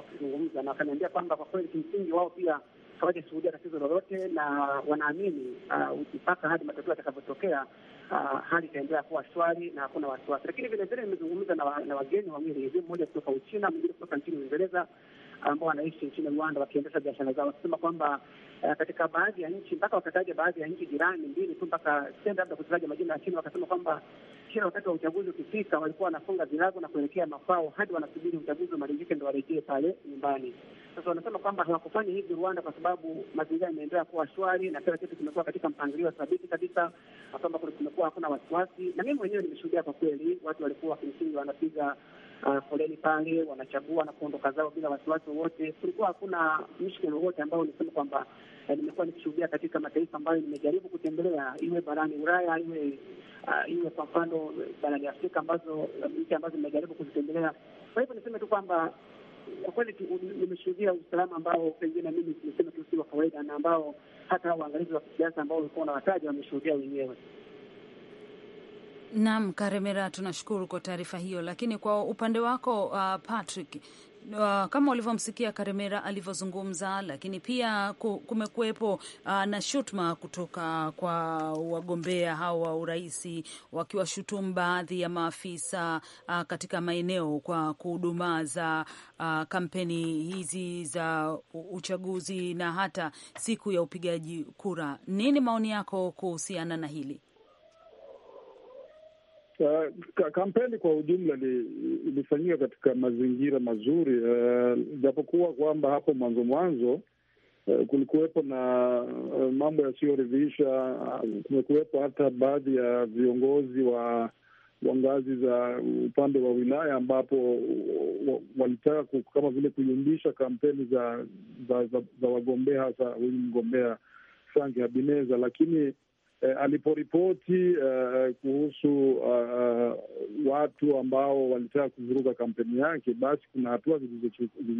S4: akizungumza, na akaniambia kwamba kwa kweli kimsingi wao pia hawajashuhudia tatizo lolote, na wanaamini uh, mpaka hadi matokeo yatakavyotokea hali itaendelea kuwa shwari na hakuna wasiwasi. Lakini vilevile nimezungumza na wageni wawili, mmoja kutoka Uchina, mwingine kutoka nchini Uingereza ambao wanaishi nchini Rwanda wakiendesha biashara zao, wakisema kwamba uh, katika baadhi ya nchi mpaka wakataja baadhi ya nchi jirani mbili tu mpaka sende labda kutaja majina, lakini wakasema kwamba kila wakati wa uchaguzi ukifika walikuwa wanafunga virago na kuelekea mafao hadi wanasubiri uchaguzi umalizike ndo warejee pale nyumbani. Sasa wanasema kwamba hawakufanya hivi Rwanda kwa sababu mazingira yameendelea kuwa shwari na kila kitu kimekuwa katika mpangilio wa thabiti kabisa, na kwamba kumekuwa hakuna wasiwasi. Na mimi mwenyewe nimeshuhudia kwa kweli, watu walikuwa kimsingi wanapiga Ah, foleni pale wanachagua na kuondoka zao bila wasiwasi wowote. Kulikuwa hakuna mshikano wowote ambao ulisema kwamba uh, nimekuwa nikishuhudia katika mataifa ambayo nimejaribu kutembelea, iwe barani Ulaya iwe uh, iwe kwa mfano eh, barani Afrika, ambazo eh, nchi ambazo nimejaribu kuzitembelea. Kwa hivyo niseme tu kwamba kwa kweli nimeshuhudia usalama ambao pengine mimi nimesema tu si wa kawaida, na ambao hata waangalizi wa kisiasa ambao walikuwa wanawataja wameshuhudia wenyewe.
S1: Naam, Karemera, tunashukuru kwa taarifa hiyo, lakini kwa upande wako uh, Patrick Uh, kama ulivyomsikia Karemera alivyozungumza, lakini pia kumekuwepo uh, na shutuma kutoka kwa wagombea hao wa urahisi wakiwashutumu baadhi ya maafisa uh, katika maeneo kwa kudumaza uh, kampeni hizi za uchaguzi na hata siku ya upigaji kura. Nini maoni yako kuhusiana na hili?
S5: Uh, kampeni kwa ujumla ilifanyika katika mazingira mazuri uh, japokuwa kwamba hapo mwanzo mwanzo uh, kulikuwepo na uh, mambo yasiyoridhisha. Uh, kumekuwepo hata baadhi ya viongozi wa wa ngazi za upande wa wilaya ambapo uh, walitaka kama vile kuyumbisha kampeni za za, za, za wagombea hasa huyu mgombea Frank Habineza, lakini eh, aliporipoti eh, kuhusu eh, watu ambao walitaka kuvuruga kampeni yake, basi kuna hatua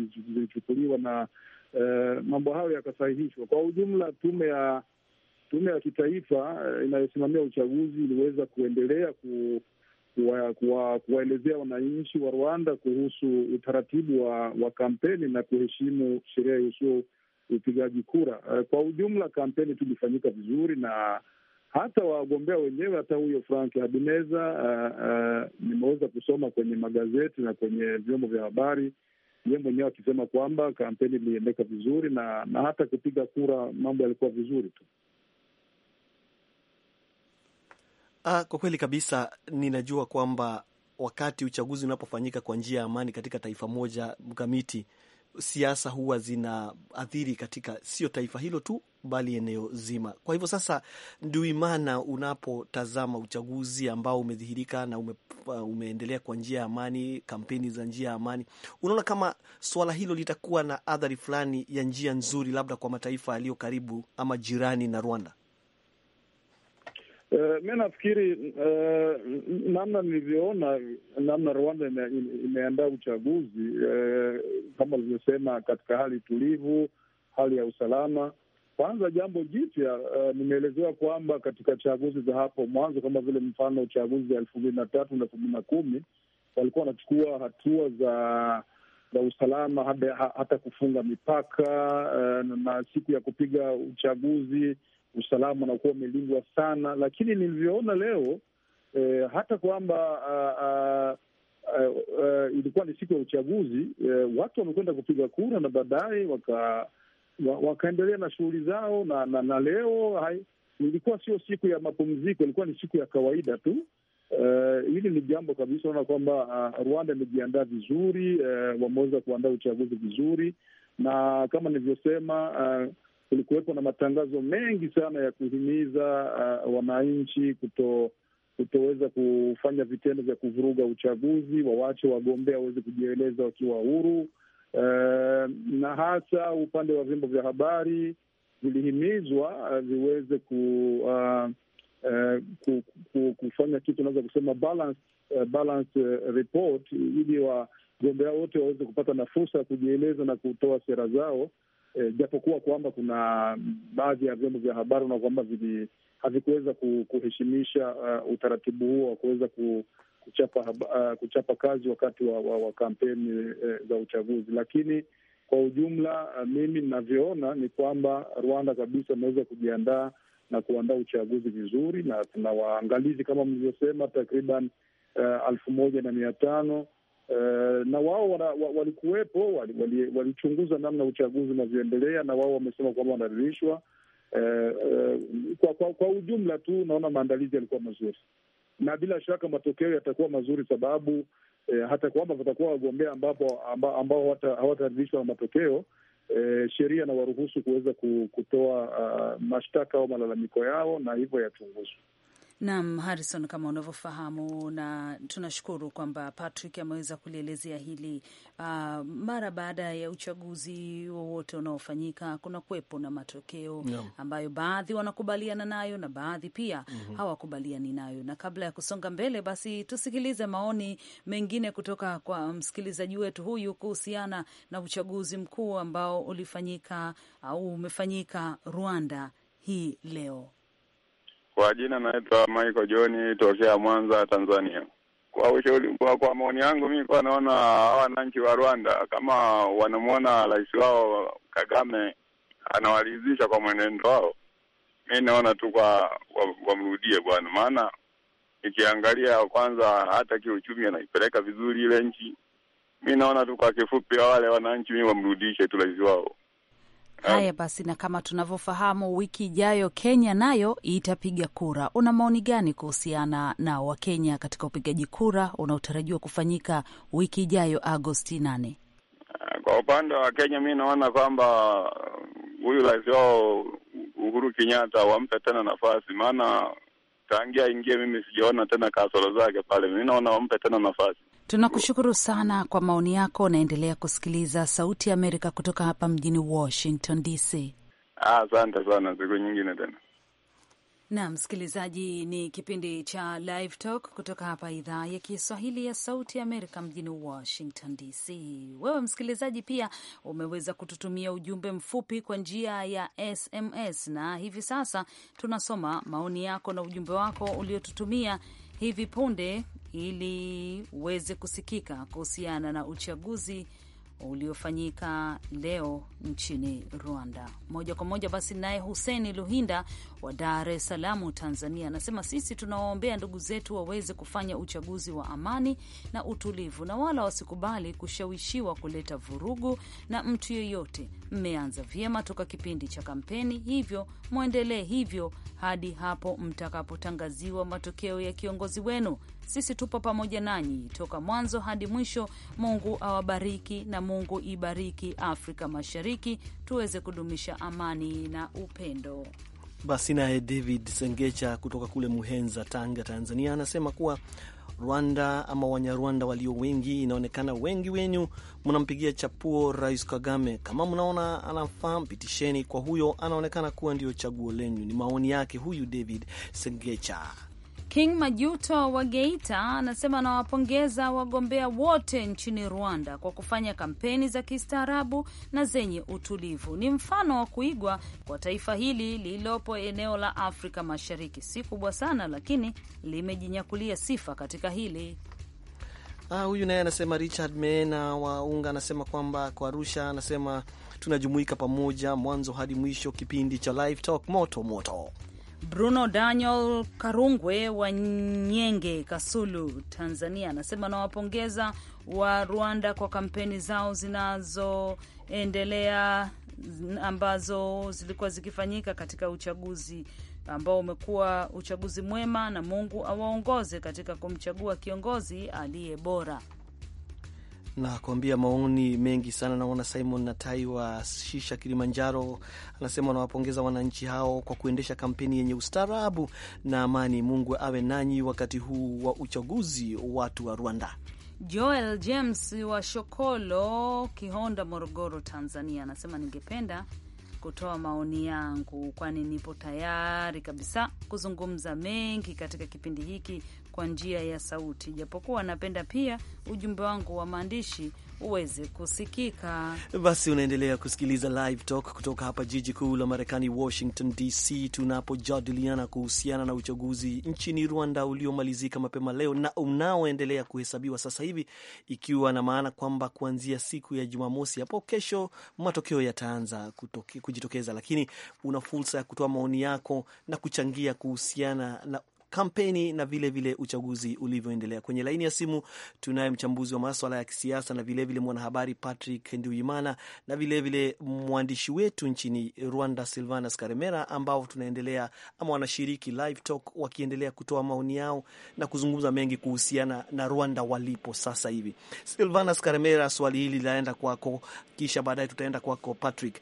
S5: zilizochukuliwa na eh, mambo hayo yakasahihishwa. Kwa ujumla, tume ya tume ya kitaifa eh, inayosimamia uchaguzi iliweza kuendelea ku kuwaelezea kuwa, kuwa wananchi wa Rwanda kuhusu utaratibu wa, wa kampeni na kuheshimu sheria ihusuo upigaji kura. Eh, kwa ujumla kampeni tulifanyika vizuri na hata wagombea wenyewe, hata huyo Frank Habineza uh, uh, nimeweza kusoma kwenye magazeti na kwenye vyombo vya habari, ye mwenyewe akisema kwamba kampeni iliendeka vizuri na, na hata kupiga kura mambo yalikuwa vizuri tu.
S2: Ah, kwa kweli kabisa, ninajua kwamba wakati uchaguzi unapofanyika kwa njia ya amani katika taifa moja mkamiti siasa huwa zinaathiri katika sio taifa hilo tu bali eneo zima. Kwa hivyo sasa, Nduimana, unapotazama uchaguzi ambao umedhihirika na ume, uh, umeendelea kwa njia ya amani, kampeni za njia ya amani, unaona kama swala hilo litakuwa na athari fulani ya njia nzuri, labda kwa mataifa yaliyo karibu ama jirani na Rwanda?
S5: E, mi nafikiri uh, namna nilivyoona namna Rwanda ime, imeandaa uchaguzi uh, kama ulivyosema, katika hali tulivu, hali ya usalama. Kwanza jambo jipya uh, nimeelezewa kwamba katika chaguzi za hapo mwanzo kama vile mfano chaguzi za elfu mbili na tatu na elfu mbili na kumi walikuwa wanachukua hatua za za usalama hata kufunga mipaka uh, na siku ya kupiga uchaguzi usalama unakuwa umelindwa sana, lakini nilivyoona leo eh, hata kwamba ah, ah, eh, eh, ilikuwa ni siku ya uchaguzi uh, watu wamekwenda kupiga kura na baadaye waka wakaendelea na shughuli zao na, na, na leo hai, ilikuwa sio siku ya mapumziko, ilikuwa ni siku ya kawaida tu. Hili uh, ni jambo kabisa, naona kwamba uh, Rwanda imejiandaa vizuri uh, wameweza kuandaa uchaguzi vizuri, na kama nilivyosema uh, kulikuwepo na matangazo mengi sana ya kuhimiza uh, wananchi kuto kutoweza kufanya vitendo vya kuvuruga uchaguzi, wawache wagombea waweze kujieleza wakiwa huru. Uh, na hasa upande wa vyombo vya habari vilihimizwa uh, viweze ku, uh, uh, ku, ku, kufanya kitu unaweza kusema balance, uh, balance uh, report ili wagombea wote waweze kupata na fursa ya kujieleza na kutoa sera zao e, kwamba kuna baadhi ya vyombo vya habari na kwamba havikuweza kuheshimisha uh, utaratibu huo wa kuweza kuchapa, uh, kuchapa kazi wakati wa, wa, wa kampeni uh, za uchaguzi, lakini kwa ujumla uh, mimi ninavyoona ni kwamba Rwanda kabisa imeweza kujiandaa na kuandaa uchaguzi vizuri, na tuna waangalizi kama mlivyosema takriban uh, elfu moja na mia tano Eh, na wao walikuwepo, walichunguza wali, wali namna uchaguzi unavyoendelea, na wao wamesema kwamba wanaridhishwa. Uh, uh, kwa, kwa, kwa ujumla tu naona maandalizi yalikuwa mazuri, na bila shaka matokeo yatakuwa mazuri, sababu uh, hata kwamba watakuwa wagombea ambapo ambao hawataridhishwa na matokeo uh, sheria na waruhusu kuweza kutoa uh, mashtaka au malalamiko yao, na hivyo yachunguzwa
S1: Naam, Harrison, kama unavyofahamu, na tunashukuru kwamba Patrick ameweza kulielezea hili uh, mara baada ya uchaguzi wowote unaofanyika kuna kuwepo na matokeo yeah, ambayo baadhi wanakubaliana nayo na baadhi pia mm -hmm, hawakubaliani nayo. Na kabla ya kusonga mbele, basi tusikilize maoni mengine kutoka kwa msikilizaji wetu huyu kuhusiana na uchaguzi mkuu ambao ulifanyika au umefanyika Rwanda hii leo.
S7: Kwa jina naitwa Michael John tokea Mwanza, Tanzania. Kwa ushauri, kwa, kwa maoni yangu mimi kwa naona wananchi wa Rwanda kama wanamwona rais wao Kagame anawaridhisha kwa mwenendo wao, mi naona tu kwa wamrudie wa bwana, maana ikiangalia kwanza hata kiuchumi anaipeleka vizuri ile nchi. Mi naona tu kwa kifupi, wale wananchi mi wamrudishe tu rais wao.
S1: Haya basi, na kama tunavyofahamu, wiki ijayo Kenya nayo itapiga kura. Una maoni gani kuhusiana na Wakenya katika upigaji kura unaotarajiwa kufanyika wiki ijayo Agosti nane?
S7: Ah, kwa upande wa Kenya, mi naona kwamba uh, huyu rais wao Uhuru Kenyatta wampe tena nafasi, maana tangia ingie mimi sijaona tena kasoro zake pale. Mi naona wampe tena nafasi.
S1: Tunakushukuru sana kwa maoni yako. Unaendelea kusikiliza Sauti ya Amerika kutoka hapa mjini Washington DC.
S7: Asante sana, siku nyingine tena.
S1: Na msikilizaji, ni kipindi cha Live Talk kutoka hapa idhaa ya Kiswahili ya Sauti ya Amerika mjini Washington DC. Wewe msikilizaji, pia umeweza kututumia ujumbe mfupi kwa njia ya SMS, na hivi sasa tunasoma maoni yako na ujumbe wako uliotutumia hivi punde ili uweze kusikika kuhusiana na uchaguzi uliofanyika leo nchini Rwanda. Moja kwa moja basi, naye Hussein Luhinda wa Dar es Salaam, Tanzania, anasema sisi tunawaombea ndugu zetu waweze kufanya uchaguzi wa amani na utulivu, na wala wasikubali kushawishiwa kuleta vurugu na mtu yeyote, mmeanza vyema toka kipindi cha kampeni, hivyo mwendelee hivyo hadi hapo mtakapotangaziwa matokeo ya kiongozi wenu. Sisi tupo pamoja nanyi toka mwanzo hadi mwisho. Mungu awabariki na Mungu ibariki Afrika Mashariki, tuweze kudumisha amani na upendo.
S2: Basi naye David Sengecha kutoka kule Muhenza, Tanga, Tanzania, anasema kuwa Rwanda ama Wanyarwanda walio wengi, inaonekana wengi wenyu mnampigia chapuo Rais Kagame. Kama mnaona anafaa, pitisheni kwa huyo, anaonekana kuwa ndio chaguo lenyu. Ni maoni yake huyu David Sengecha.
S1: King Majuto wa Geita anasema anawapongeza wagombea wote nchini Rwanda kwa kufanya kampeni za kistaarabu na zenye utulivu. Ni mfano wa kuigwa kwa taifa hili lililopo eneo la Afrika Mashariki. Si kubwa sana, lakini limejinyakulia sifa katika hili.
S2: Ah, huyu naye anasema Richard wa unga anasema kwamba kwa Arusha anasema tunajumuika pamoja mwanzo hadi mwisho, kipindi cha Live Talk moto moto.
S1: Bruno Daniel Karungwe wa Nyenge, Kasulu, Tanzania, anasema anawapongeza wa Rwanda kwa kampeni zao zinazoendelea ambazo zilikuwa zikifanyika katika uchaguzi ambao umekuwa uchaguzi mwema, na Mungu awaongoze katika kumchagua kiongozi aliye bora
S2: na kuambia maoni mengi sana. Naona Simon Natai wa Shisha Kilimanjaro anasema anawapongeza wananchi hao kwa kuendesha kampeni yenye ustaarabu na amani. Mungu awe nanyi wakati huu wa uchaguzi, watu wa Rwanda.
S1: Joel James wa Shokolo, Kihonda, Morogoro, Tanzania anasema ningependa kutoa maoni yangu, kwani nipo tayari kabisa kuzungumza mengi katika kipindi hiki kwa njia ya sauti, japokuwa napenda pia ujumbe wangu wa maandishi uweze kusikika.
S2: Basi unaendelea kusikiliza Live Talk kutoka hapa jiji kuu la Marekani, Washington DC, tunapojadiliana kuhusiana na uchaguzi nchini Rwanda uliomalizika mapema leo na unaoendelea kuhesabiwa sasa hivi, ikiwa na maana kwamba kuanzia siku ya Jumamosi hapo kesho matokeo yataanza kujitokeza, lakini una fursa ya kutoa maoni yako na kuchangia kuhusiana na kampeni na vilevile vile uchaguzi ulivyoendelea. Kwenye laini ya simu tunaye mchambuzi wa maswala ya kisiasa na vilevile vile mwanahabari Patrick Nduimana na vilevile mwandishi wetu nchini Rwanda Silvanas Karemera, ambao tunaendelea ama wanashiriki live talk wakiendelea kutoa maoni yao na kuzungumza mengi kuhusiana na Rwanda walipo sasa hivi. Silvanas Karemera, swali hili linaenda kwako, kisha baadaye tutaenda kwako Patrick.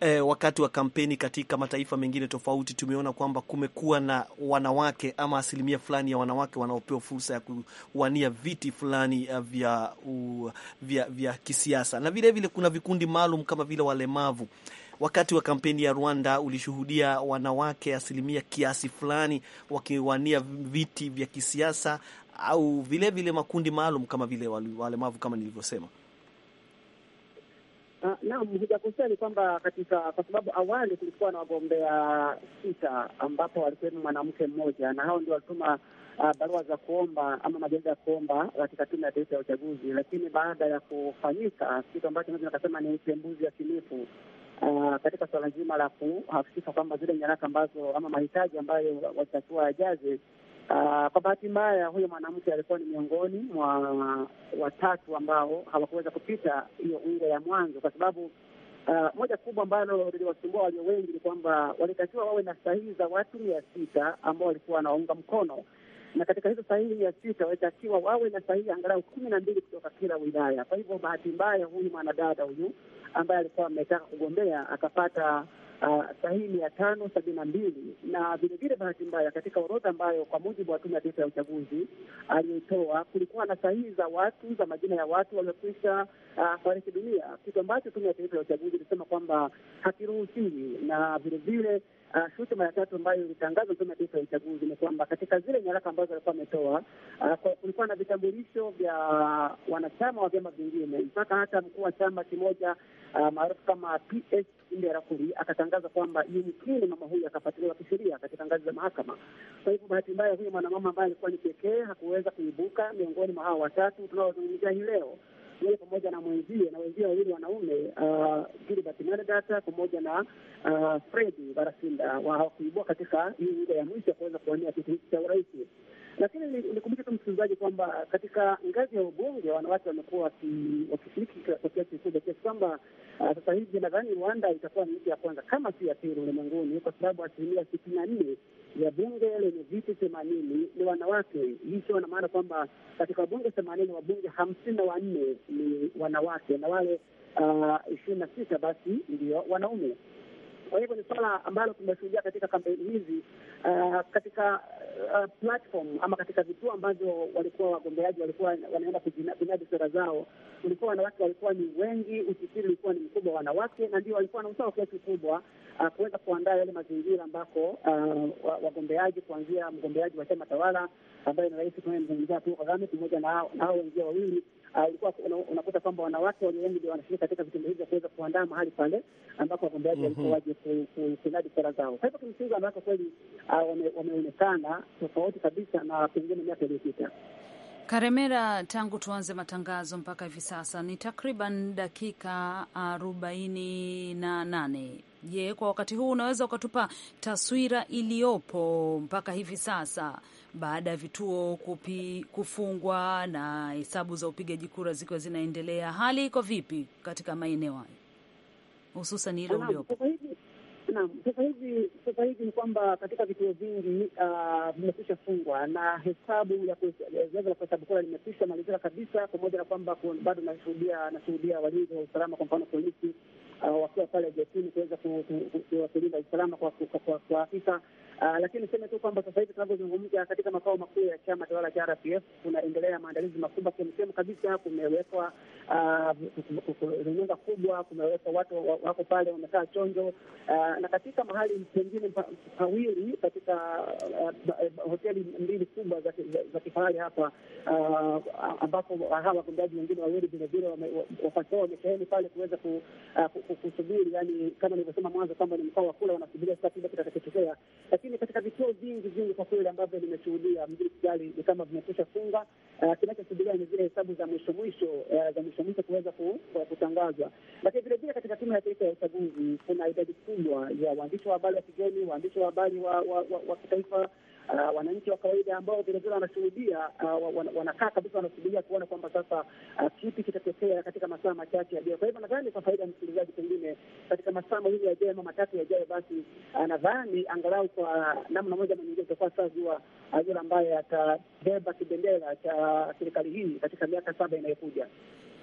S2: Eh, wakati wa kampeni katika mataifa mengine tofauti tumeona kwamba kumekuwa na wanawake ama ama asilimia fulani ya wanawake wanaopewa fursa ya kuwania viti fulani eh, vya, uh, vya, vya kisiasa, na vilevile vile kuna vikundi maalum kama vile walemavu. Wakati wa kampeni ya Rwanda ulishuhudia wanawake asilimia kiasi fulani wakiwania viti vya kisiasa au vilevile vile makundi maalum kama vile walemavu kama nilivyosema.
S4: Naam, hujakosea. Ni kwamba katika, kwa sababu awali kulikuwa na wagombea sita ambapo walikuwemo mwanamke mmoja, na hao ndio walituma uh, barua za kuomba ama majarida ya kuomba katika Tume ya Taifa ya Uchaguzi, lakini baada ya kufanyika kitu ambacho naweza nikasema ni upembuzi yakinifu Uh, ah, katika suala zima la kuhakikisha kwamba zile nyaraka ambazo ama mahitaji ambayo walitakiwa yajaze Ah, kwa bahati mbaya huyo mwanamke alikuwa ni miongoni mwa watatu ambao hawakuweza kupita hiyo ungo ya mwanzo, kwa sababu uh, moja kubwa ambalo liliwasumbua walio wengi ni kwamba walitakiwa wawe na sahihi za watu mia sita ambao walikuwa wanawaunga mkono, na katika hizo sahihi mia sita walitakiwa wawe na sahihi angalau kumi na mbili kutoka kila wilaya. Kwa hivyo bahati mbaya huyu mwanadada huyu ambaye alikuwa ametaka kugombea akapata uh, ah, sahihi mia tano sabini na mbili na vilevile, bahati mbaya, katika orodha ambayo kwa mujibu wa Tume ya Taifa ya Uchaguzi aliyoitoa kulikuwa na sahihi za watu za majina ya watu waliokwisha uh, ah, fariki dunia, kitu ambacho Tume ya Taifa ya Uchaguzi ilisema kwamba hakiruhusiwi na vilevile Uh, shutuma ya tatu ambayo ilitangazwa Tume ya Taifa ya Uchaguzi ni kwamba katika zile nyaraka ambazo alikuwa ametoa, uh, kulikuwa na vitambulisho vya wanachama wa vyama vingine, mpaka hata mkuu wa chama kimoja uh, maarufu kama PSInde Rakuri akatangaza kwamba yumkini mama huyu akafuatiliwa kisheria katika ngazi za mahakama. Kwa hivyo, bahati mbaya, huyu mwanamama ambaye alikuwa ni pekee hakuweza kuibuka miongoni mwa hao watatu tunaozungumzia hii leo yeye pamoja na mwenzie na wenzie wawili wanaume uh, Gilbert Maledata pamoja na uh, Fred Barasinda wa kuibua katika hii ile ya mwisho ya kuweza kuwania kiti cha urais. Lakini nikumbushe tu msikilizaji kwamba katika ngazi ya ubunge wanawake wamekuwa wakishiriki kwa kiasi kikubwa, kiasi kwamba uh, sasa hivi nadhani Rwanda itakuwa ni nchi ya kwanza kama si ya pili ulimwenguni, kwa sababu asilimia sitini na nne ya bunge lenye viti themanini ni wanawake. Hii sio na maana kwamba katika wabunge themanini wabunge hamsini na wanne ni wanawake na wale uh, ishirini na sita basi ndio wanaume. Kwa hivyo ni swala ambalo tumeshuhudia katika kampeni hizi uh, katika uh, platform ama katika vituo ambavyo walikuwa wagombeaji walikuwa wanaenda kunadi sera zao, ulikuwa wanawake walikuwa ni wengi, utitiri ulikuwa ni mkubwa wanawake, na ndio walikuwa na usawa kiasi kubwa uh, kuweza kuandaa yale mazingira ambako uh, wagombeaji kuanzia mgombeaji wa chama tawala ambaye ni rais tunayemzungumzia tu Kagame pamoja na hao wengine wawili alikuwa uh, unakuta kwamba wanawake wengi ndio wanashiriki katika vitendo hivi vya kuweza kuandaa mahali pale ambapo wagombeaji mhm. walikuwa waje kunadi sera zao. Kwa hivyo kimsingi, wanawake kweli ah, wameonekana tofauti kabisa na pengine miaka iliyopita.
S1: Karemera, tangu tuanze matangazo mpaka hivi sasa ni takriban dakika arobaini na nane. Je, kwa wakati huu unaweza ukatupa taswira iliyopo mpaka hivi sasa baada ya vituo kupi, kufungwa na hesabu za upigaji kura zikiwa zinaendelea, hali iko vipi katika maeneo hayo hususan ile uliopo?
S4: Naam, sasa hivi sasa hivi ni kwamba katika vituo vingi ah, vimekwisha uh, fungwa na hesabu ya zoezi la kuhesabu kura limekwisha malizika kabisa, pamoja na kwamba bado nashuhudia nashuhudia walinzi wa usalama, kwa mfano polisi Ah, wakiwa pale jeshini kuweza kulinda usalama kwa hakika. Ah, lakini niseme tu kwamba sasa hivi tunavyozungumza, katika makao makuu ya chama tawala cha RPF kunaendelea maandalizi makubwa kemkemu kabisa. Kumewekwa ah, runinga kubwa, kumewekwa watu wako pale wamekaa chonjo, na katika mahali pengine pawili, katika hoteli mbili kubwa za kifahari hapa, ambapo hawa wagombeaji wengine wawili vilevile wafasoa wamesheheni pale kuweza kusubiri, yani kama nilivyosema mwanzo kwamba ni mkoa wa kula, wanasubiria sasa kile kitakachotokea. Lakini katika vituo vingi vingi kwa kweli ambavyo nimeshuhudia mjini Kigali ni kama vimekwisha funga. Uh, Kinachosubiria ni zile hesabu za mwisho mwisho uh, za mwisho mwisho kuweza ku, kutangazwa, lakini vile vile katika tume ya taifa ya uchaguzi kuna idadi kubwa ya waandishi wa habari wa kigeni, waandishi wa habari wa kitaifa Uh, wananchi wa kawaida ambao vilevile wanashuhudia uh, wanakaa kabisa wanasubiria kuona kwamba sasa uh, kipi kitatokea katika masaa machache yajayo. Kwa hivyo mambo hivi yajayo, ama matatu yajayo, basi ah, nadhani angalau kwa namna moja ama nyingine itakuwa saa zua azura ah, ambayo yatabeba kibendera cha serikali hii katika miaka saba inayokuja.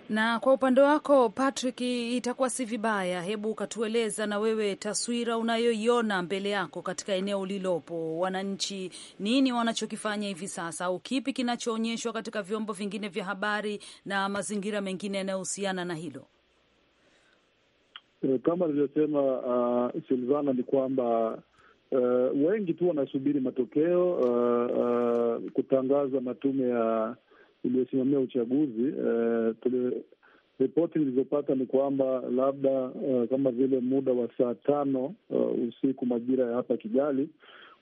S1: Na kwa upande wako Patrick, itakuwa si vibaya, hebu ukatueleza na wewe taswira unayoiona mbele yako katika eneo ulilopo, wananchi nini wanachokifanya hivi sasa, au kipi kinachoonyeshwa katika vyombo vingine vya habari na mazingira mengine yanayohusiana na hilo?
S5: Eh, kama alivyosema uh, Silvana ni kwamba uh, wengi tu wanasubiri matokeo uh, eh, uh, kutangazwa na tume ya iliyosimamia uchaguzi uh, ripoti zilizopata ni kwamba labda uh, kama vile muda wa saa tano uh, usiku majira ya hapa Kigali,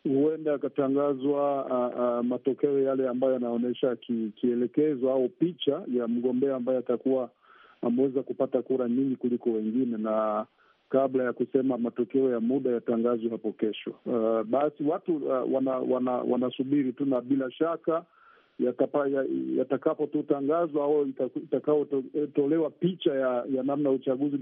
S5: huenda akatangazwa uh, uh, matokeo yale ambayo yanaonyesha kielekezo au picha ya mgombea ambaye atakuwa ameweza kupata kura nyingi kuliko wengine, na kabla ya kusema matokeo ya muda yatangazwe hapo kesho, uh, basi watu uh, wana, wana, wanasubiri tu, na bila shaka yatakapotutangazwa au itakaotolewa eh, picha ya, ya namna uchaguzi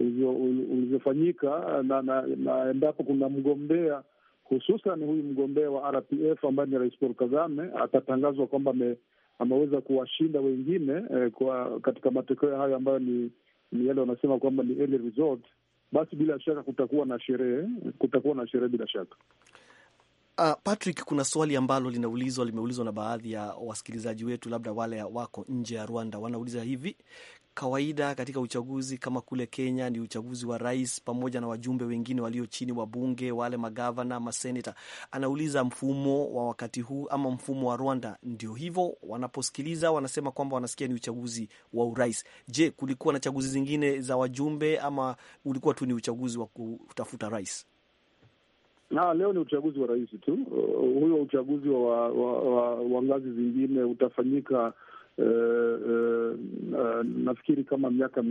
S5: ulivyofanyika uh, na, na, na endapo kuna mgombea hususan huyu mgombea wa RPF ambaye ni Rais Paul Kagame atatangazwa kwamba ameweza kuwashinda wengine eh, kwa katika matokeo hayo ambayo ni, ni yale wanasema kwamba ni early result, basi bila shaka kutakuwa na sherehe, kutakuwa na sherehe bila shaka.
S2: Uh, Patrick, kuna swali ambalo linaulizwa limeulizwa na baadhi ya wasikilizaji wetu, labda wale wako nje ya Rwanda, wanauliza hivi: kawaida katika uchaguzi kama kule Kenya ni uchaguzi wa rais pamoja na wajumbe wengine walio chini wa bunge, wale magavana, maseneta. Anauliza mfumo wa wakati huu ama mfumo wa Rwanda ndio hivyo, wanaposikiliza wanasema kwamba wanasikia ni uchaguzi wa urais. Je, kulikuwa na chaguzi zingine za wajumbe ama ulikuwa tu ni uchaguzi wa kutafuta rais?
S3: Na leo ni uchaguzi wa rais tu. Uh, huyo
S5: uchaguzi wa, wa, wa, wa ngazi zingine utafanyika Uh, uh, nafikiri kama miaka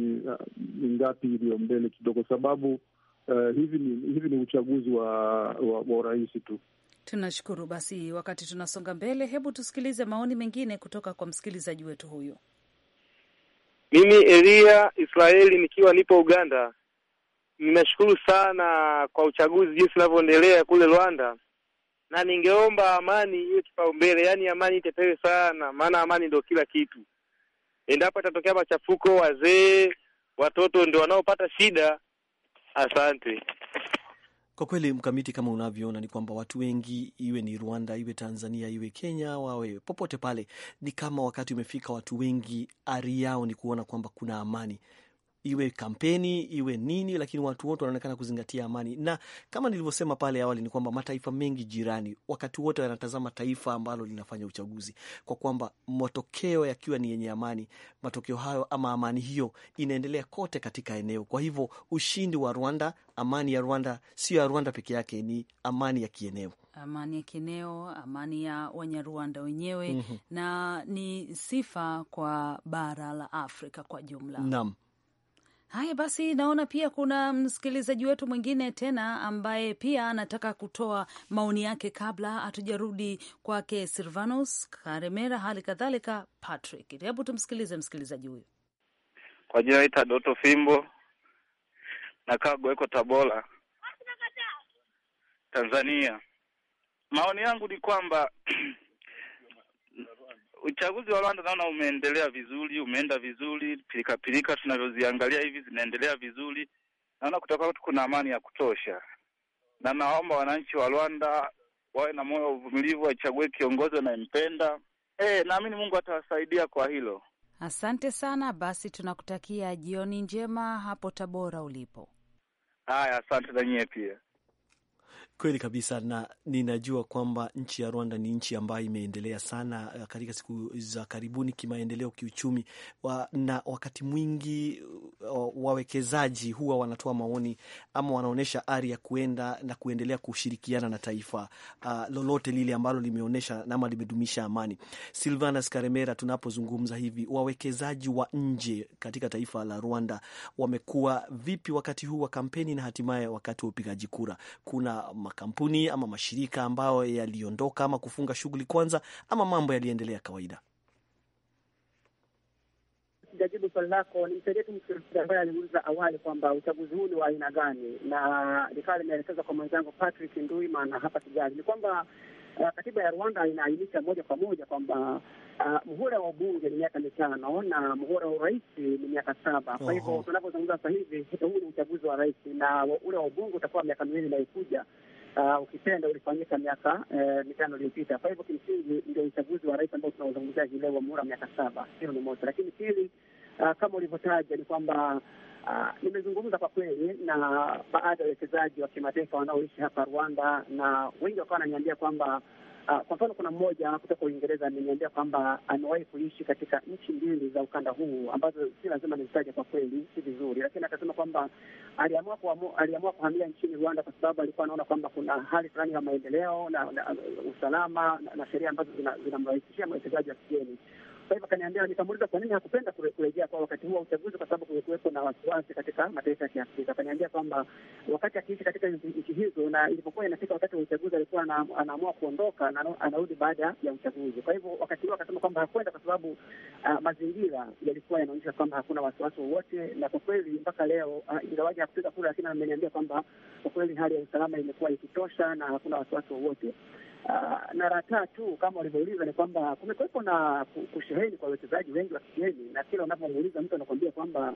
S5: mingapi iliyo mbele kidogo, sababu uh, hivi ni hivi ni uchaguzi wa, wa, wa urais tu.
S1: Tunashukuru. Basi wakati tunasonga mbele, hebu tusikilize maoni mengine kutoka kwa msikilizaji wetu huyu.
S3: Mimi Elia Israeli nikiwa nipo Uganda, ninashukuru sana kwa uchaguzi jinsi unavyoendelea kule Rwanda na ningeomba amani iwe kipaumbele, yaani amani itepewe sana, maana amani ndio kila kitu. Endapo itatokea machafuko, wazee, watoto ndio wanaopata shida. Asante.
S2: Kwa kweli Mkamiti, kama unavyoona ni kwamba watu wengi, iwe ni Rwanda, iwe Tanzania, iwe Kenya, wawe popote pale, ni kama wakati umefika, watu wengi ari yao ni kuona kwamba kuna amani, iwe kampeni iwe nini, lakini watu wote wanaonekana kuzingatia amani, na kama nilivyosema pale awali ni kwamba mataifa mengi jirani wakati wote wanatazama taifa ambalo linafanya uchaguzi, kwa kwamba matokeo yakiwa ni yenye amani, matokeo hayo ama amani hiyo inaendelea kote katika eneo. Kwa hivyo ushindi wa Rwanda, amani ya Rwanda sio ya Rwanda peke yake, ni amani ya kieneo
S1: amani ya kieneo, amani ya Wanyarwanda wenyewe mm -hmm. na ni sifa kwa bara la Afrika kwa jumla. Naam. Haya basi, naona pia kuna msikilizaji wetu mwingine tena ambaye pia anataka kutoa maoni yake kabla hatujarudi kwake Silvanus Karemera, hali kadhalika Patrick. Hebu tumsikilize msikilizaji huyu.
S3: Kwa jina naitwa Doto Fimbo, nakaa Goeko, Tabora, Tanzania.
S1: Maoni yangu ni
S3: kwamba uchaguzi wa Rwanda naona umeendelea vizuri, umeenda vizuri, pilika pilika tunavyoziangalia hivi zinaendelea vizuri. Naona kutakuwa kuna amani ya kutosha, na naomba wananchi wa Rwanda wawe na moyo wa uvumilivu, wachague kiongozi wanayempenda. Eh, naamini Mungu atawasaidia kwa hilo.
S1: Asante sana. Basi tunakutakia jioni njema hapo Tabora ulipo.
S2: Haya, asante
S3: na nyie pia.
S2: Kweli kabisa, na ninajua kwamba nchi ya Rwanda ni nchi ambayo imeendelea sana eh, katika siku za karibuni kimaendeleo, kiuchumi wa, na wakati mwingi eh, wawekezaji huwa wanatoa maoni ama wanaonyesha ari ya kuenda na kuendelea kushirikiana na taifa uh, lolote lile ambalo limeonyesha ama limedumisha amani. Silvana Karemera, tunapozungumza hivi, wawekezaji wa nje katika taifa la Rwanda wamekuwa vipi wakati huu wa kampeni na hatimaye wakati wa upigaji kura? Kuna makampuni ama mashirika ambayo yaliondoka ama kufunga shughuli kwanza, ama mambo yaliendelea kawaida?
S4: Sijajibu swali lako, nimsaidie tu msikilizaji ambaye aliuliza awali kwamba uchaguzi huu ni wa aina gani, na nikawa limeelekeza kwa mwenzangu Patrick Nduimana hapa Kigali ni kwamba Uh, katiba ya Rwanda inaainisha moja kwa moja kwamba uh, muhula wa ubunge ni miaka mitano na muhula wa urais ni miaka saba. Kwa hivyo tunavyozungumza sasa hivi huu ni uchaguzi wa rais na ule wa ubunge utakuwa miaka miwili inayokuja uh, ukipenda ulifanyika miaka eh, mitano iliyopita. Kwa hivyo kimsingi ndio uchaguzi wa rais ambao tunaozungumzia hii leo wa muhula miaka saba, hilo ni moja. Lakini pili, uh, kama ulivyotaja ni kwamba Uh, nimezungumza kwa kweli na baadhi ya wawekezaji wa kimataifa wanaoishi hapa Rwanda, na wengi wakawa wananiambia kwamba Uh, kwa mfano kuna mmoja kutoka Uingereza ameniambia kwamba amewahi kuishi katika nchi mbili za ukanda huu ambazo si lazima nizitaje, kwa kweli si vizuri, lakini akasema kwamba aliamua aliamua kuhamia nchini Rwanda kwa sababu alikuwa anaona kwamba kuna hali fulani ya maendeleo na, na usalama na, na sheria ambazo zinamrahisishia mwekezaji wa kigeni. Kwa hivyo akaniambia, nikamuuliza kwa nini hakupenda kurejea kwa wakati huo uchaguzi, kwa sababu kulikuwepo na wasiwasi katika mataifa ya Kiafrika. Akaniambia kwamba wakati akiishi katika nchi hizo na ilipokuwa inafika wakati wa uchaguzi alikuwa anaamua kuondoka na anarudi baada ya uchaguzi. Kwa hivyo wakati huo akasema kwamba hakwenda kwa sababu uh, mazingira yalikuwa yanaonyesha kwamba hakuna wasiwasi wowote, na kwa kweli mpaka leo uh, ah, ingawaji hakupiga kura, lakini ameniambia kwamba kwa kweli hali ya usalama imekuwa ikitosha na hakuna wasiwasi wowote. Uh, na la tatu kama walivyouliza ni kwamba kumekuwepo na kusheheni kwa wekezaji wengi wa kigeni, na kila unapomuuliza mtu anakuambia kwamba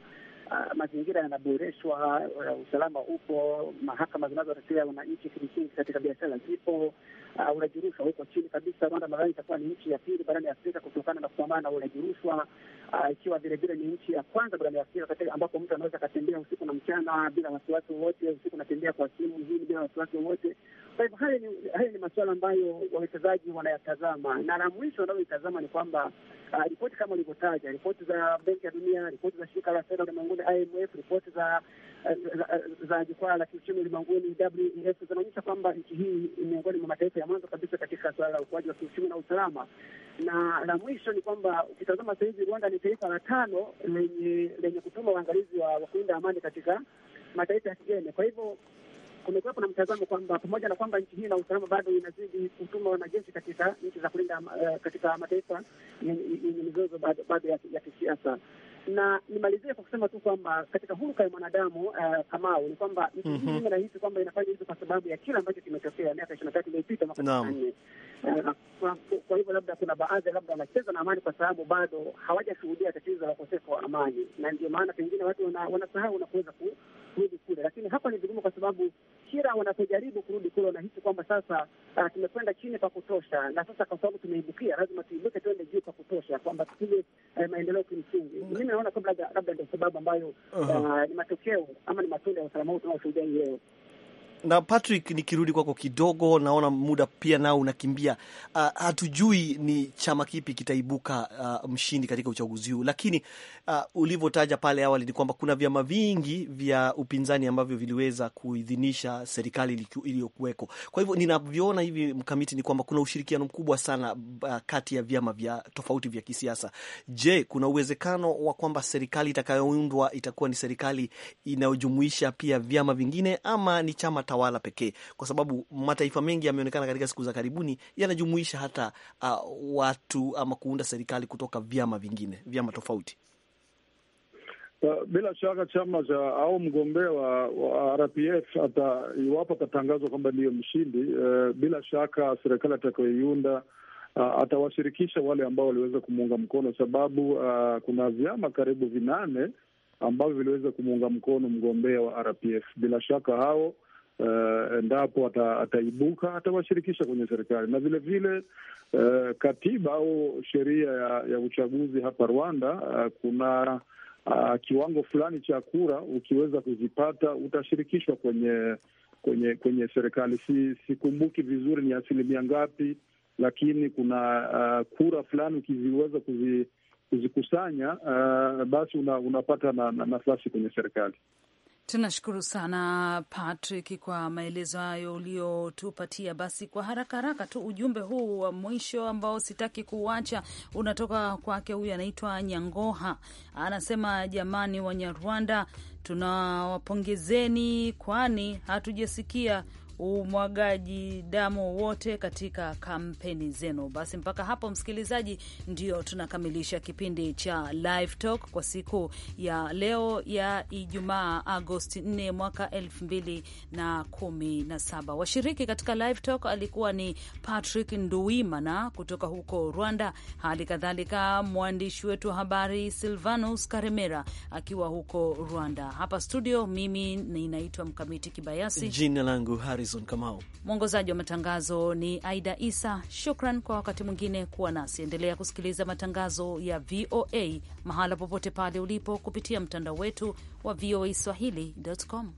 S4: uh, mazingira yanaboreshwa, uh, usalama upo, mahakama zinazotetea wananchi kimsingi katika biashara zipo. Uh, ulajirushwa huko chini kabisa. Rwanda nadhani itakuwa ni nchi ya pili barani Afrika kutokana na kupambana na ulajirushwa, uh, ikiwa vilevile ni nchi ya kwanza barani Afrika katika ambapo mtu anaweza akatembea usiku na mchana bila wasiwasi wowote, usiku natembea kwa simu hii bila wasiwasi wowote. Kwa hivyo hayo ni, ni masuala ambayo wawekezaji wanayatazama, na la mwisho wanayoitazama ni kwamba uh, ripoti kama ulivyotaja, ripoti za Benki ya Dunia, ripoti za Shirika la Fedha Ulimwenguni IMF, ripoti eh, za za jukwaa la kiuchumi ulimwenguni WEF zinaonyesha kwamba nchi hii miongoni mwa mataifa ya mwanzo kabisa katika suala la ukuaji wa kiuchumi na usalama. Na la mwisho ni kwamba ukitazama sahizi Rwanda ni taifa la tano lenye lenye kutuma waangalizi wa kulinda amani katika mataifa ya kigeni. Kwa hivyo kumekuwepo na mtazamo kwamba pamoja na kwamba nchi hii na usalama bado inazidi kutuma wanajeshi katika nchi za kulinda eh, katika mataifa yenye mizozo bado ya kisiasa na nimalizie kwa kusema tu kwamba katika huruka ya mwanadamu uh, Kamau, ni kwamba nchi hii mimi mhm. nahisi kwamba inafanya hivi kwa sababu ya kile ambacho kimetokea miaka ishirini na tatu iliyopita mwaka na nne. Eh, kwa hivyo labda kuna baadhi labda wanacheza na amani kwa sababu bado hawajashuhudia tatizo la ukosefu wa amani, na ndio maana pengine watu wanasahau na kuweza kurudi kule, lakini hapa ni vigumu kwa sababu kila wanapojaribu kurudi kule wanahisi kwamba sasa uh, tumekwenda chini pa kutosha, na sasa kwa sababu tumeibukia, lazima tuibuke tuende juu pa kutosha, kwamba tupige uh, maendeleo kimsingi. mm -hmm. Mimi naona labda labda ndio sababu ambayo uh -huh. uh, ni matokeo ama ni matunda ya usalama huu tunaoshuhudia hii
S2: leo na Patrick, nikirudi kwako kidogo, naona muda pia nao unakimbia. Uh, hatujui ni chama kipi kitaibuka uh, mshindi katika uchaguzi huu, lakini uh, ulivyotaja pale awali ni kwamba kuna vyama vingi vya upinzani ambavyo viliweza kuidhinisha serikali iliyokuweko. Kwa hivyo ninavyoona hivi mkamiti ni kwamba kuna ushirikiano mkubwa sana uh, kati ya vyama vya tofauti vya kisiasa. Je, kuna uwezekano wa kwamba serikali itakayoundwa itakuwa ni serikali inayojumuisha pia vyama vingine ama ni chama watawala pekee, kwa sababu mataifa mengi yameonekana katika siku za karibuni yanajumuisha hata uh, watu ama kuunda serikali kutoka vyama vingine, vyama tofauti.
S5: Uh, bila shaka chama cha au mgombea wa, wa RPF hata iwapo atatangazwa kwamba ndiyo mshindi uh, bila shaka serikali atakayoiunda uh, atawashirikisha wale ambao waliweza kumuunga mkono, sababu uh, kuna vyama karibu vinane ambavyo viliweza kumuunga mkono mgombea wa RPF. Bila shaka hao uh, endapo ata, ataibuka atawashirikisha kwenye serikali na vilevile uh, eh, katiba au sheria ya, ya uchaguzi hapa Rwanda uh, kuna uh, kiwango fulani cha kura ukiweza kuzipata utashirikishwa kwenye kwenye kwenye serikali. Si sikumbuki vizuri ni asilimia ngapi, lakini kuna uh, kura fulani ukiziweza kuzi kuzikusanya uh, basi una, unapata na, na, nafasi kwenye serikali.
S1: Tunashukuru sana Patrick kwa maelezo hayo uliotupatia. Basi kwa haraka haraka tu ujumbe huu wa mwisho ambao sitaki kuuacha unatoka kwake, huyu anaitwa Nyangoha, anasema jamani, Wanyarwanda tunawapongezeni, kwani hatujasikia umwagaji damu wote katika kampeni zenu. Basi mpaka hapo, msikilizaji, ndio tunakamilisha kipindi cha Live Talk kwa siku ya leo ya Ijumaa, Agosti 4 mwaka 2017. Washiriki katika Live Talk alikuwa ni Patrick nduimana kutoka huko Rwanda, hali kadhalika mwandishi wetu wa habari Silvanus Karemera akiwa huko Rwanda. Hapa studio, mimi ninaitwa Mkamiti Kibayasi, jina
S2: langu Harrison Kamau.
S1: Mwongozaji wa matangazo ni Aida Isa. Shukran kwa wakati mwingine kuwa nasi. Endelea kusikiliza matangazo ya VOA mahala popote pale ulipo kupitia mtandao wetu wa swahilicom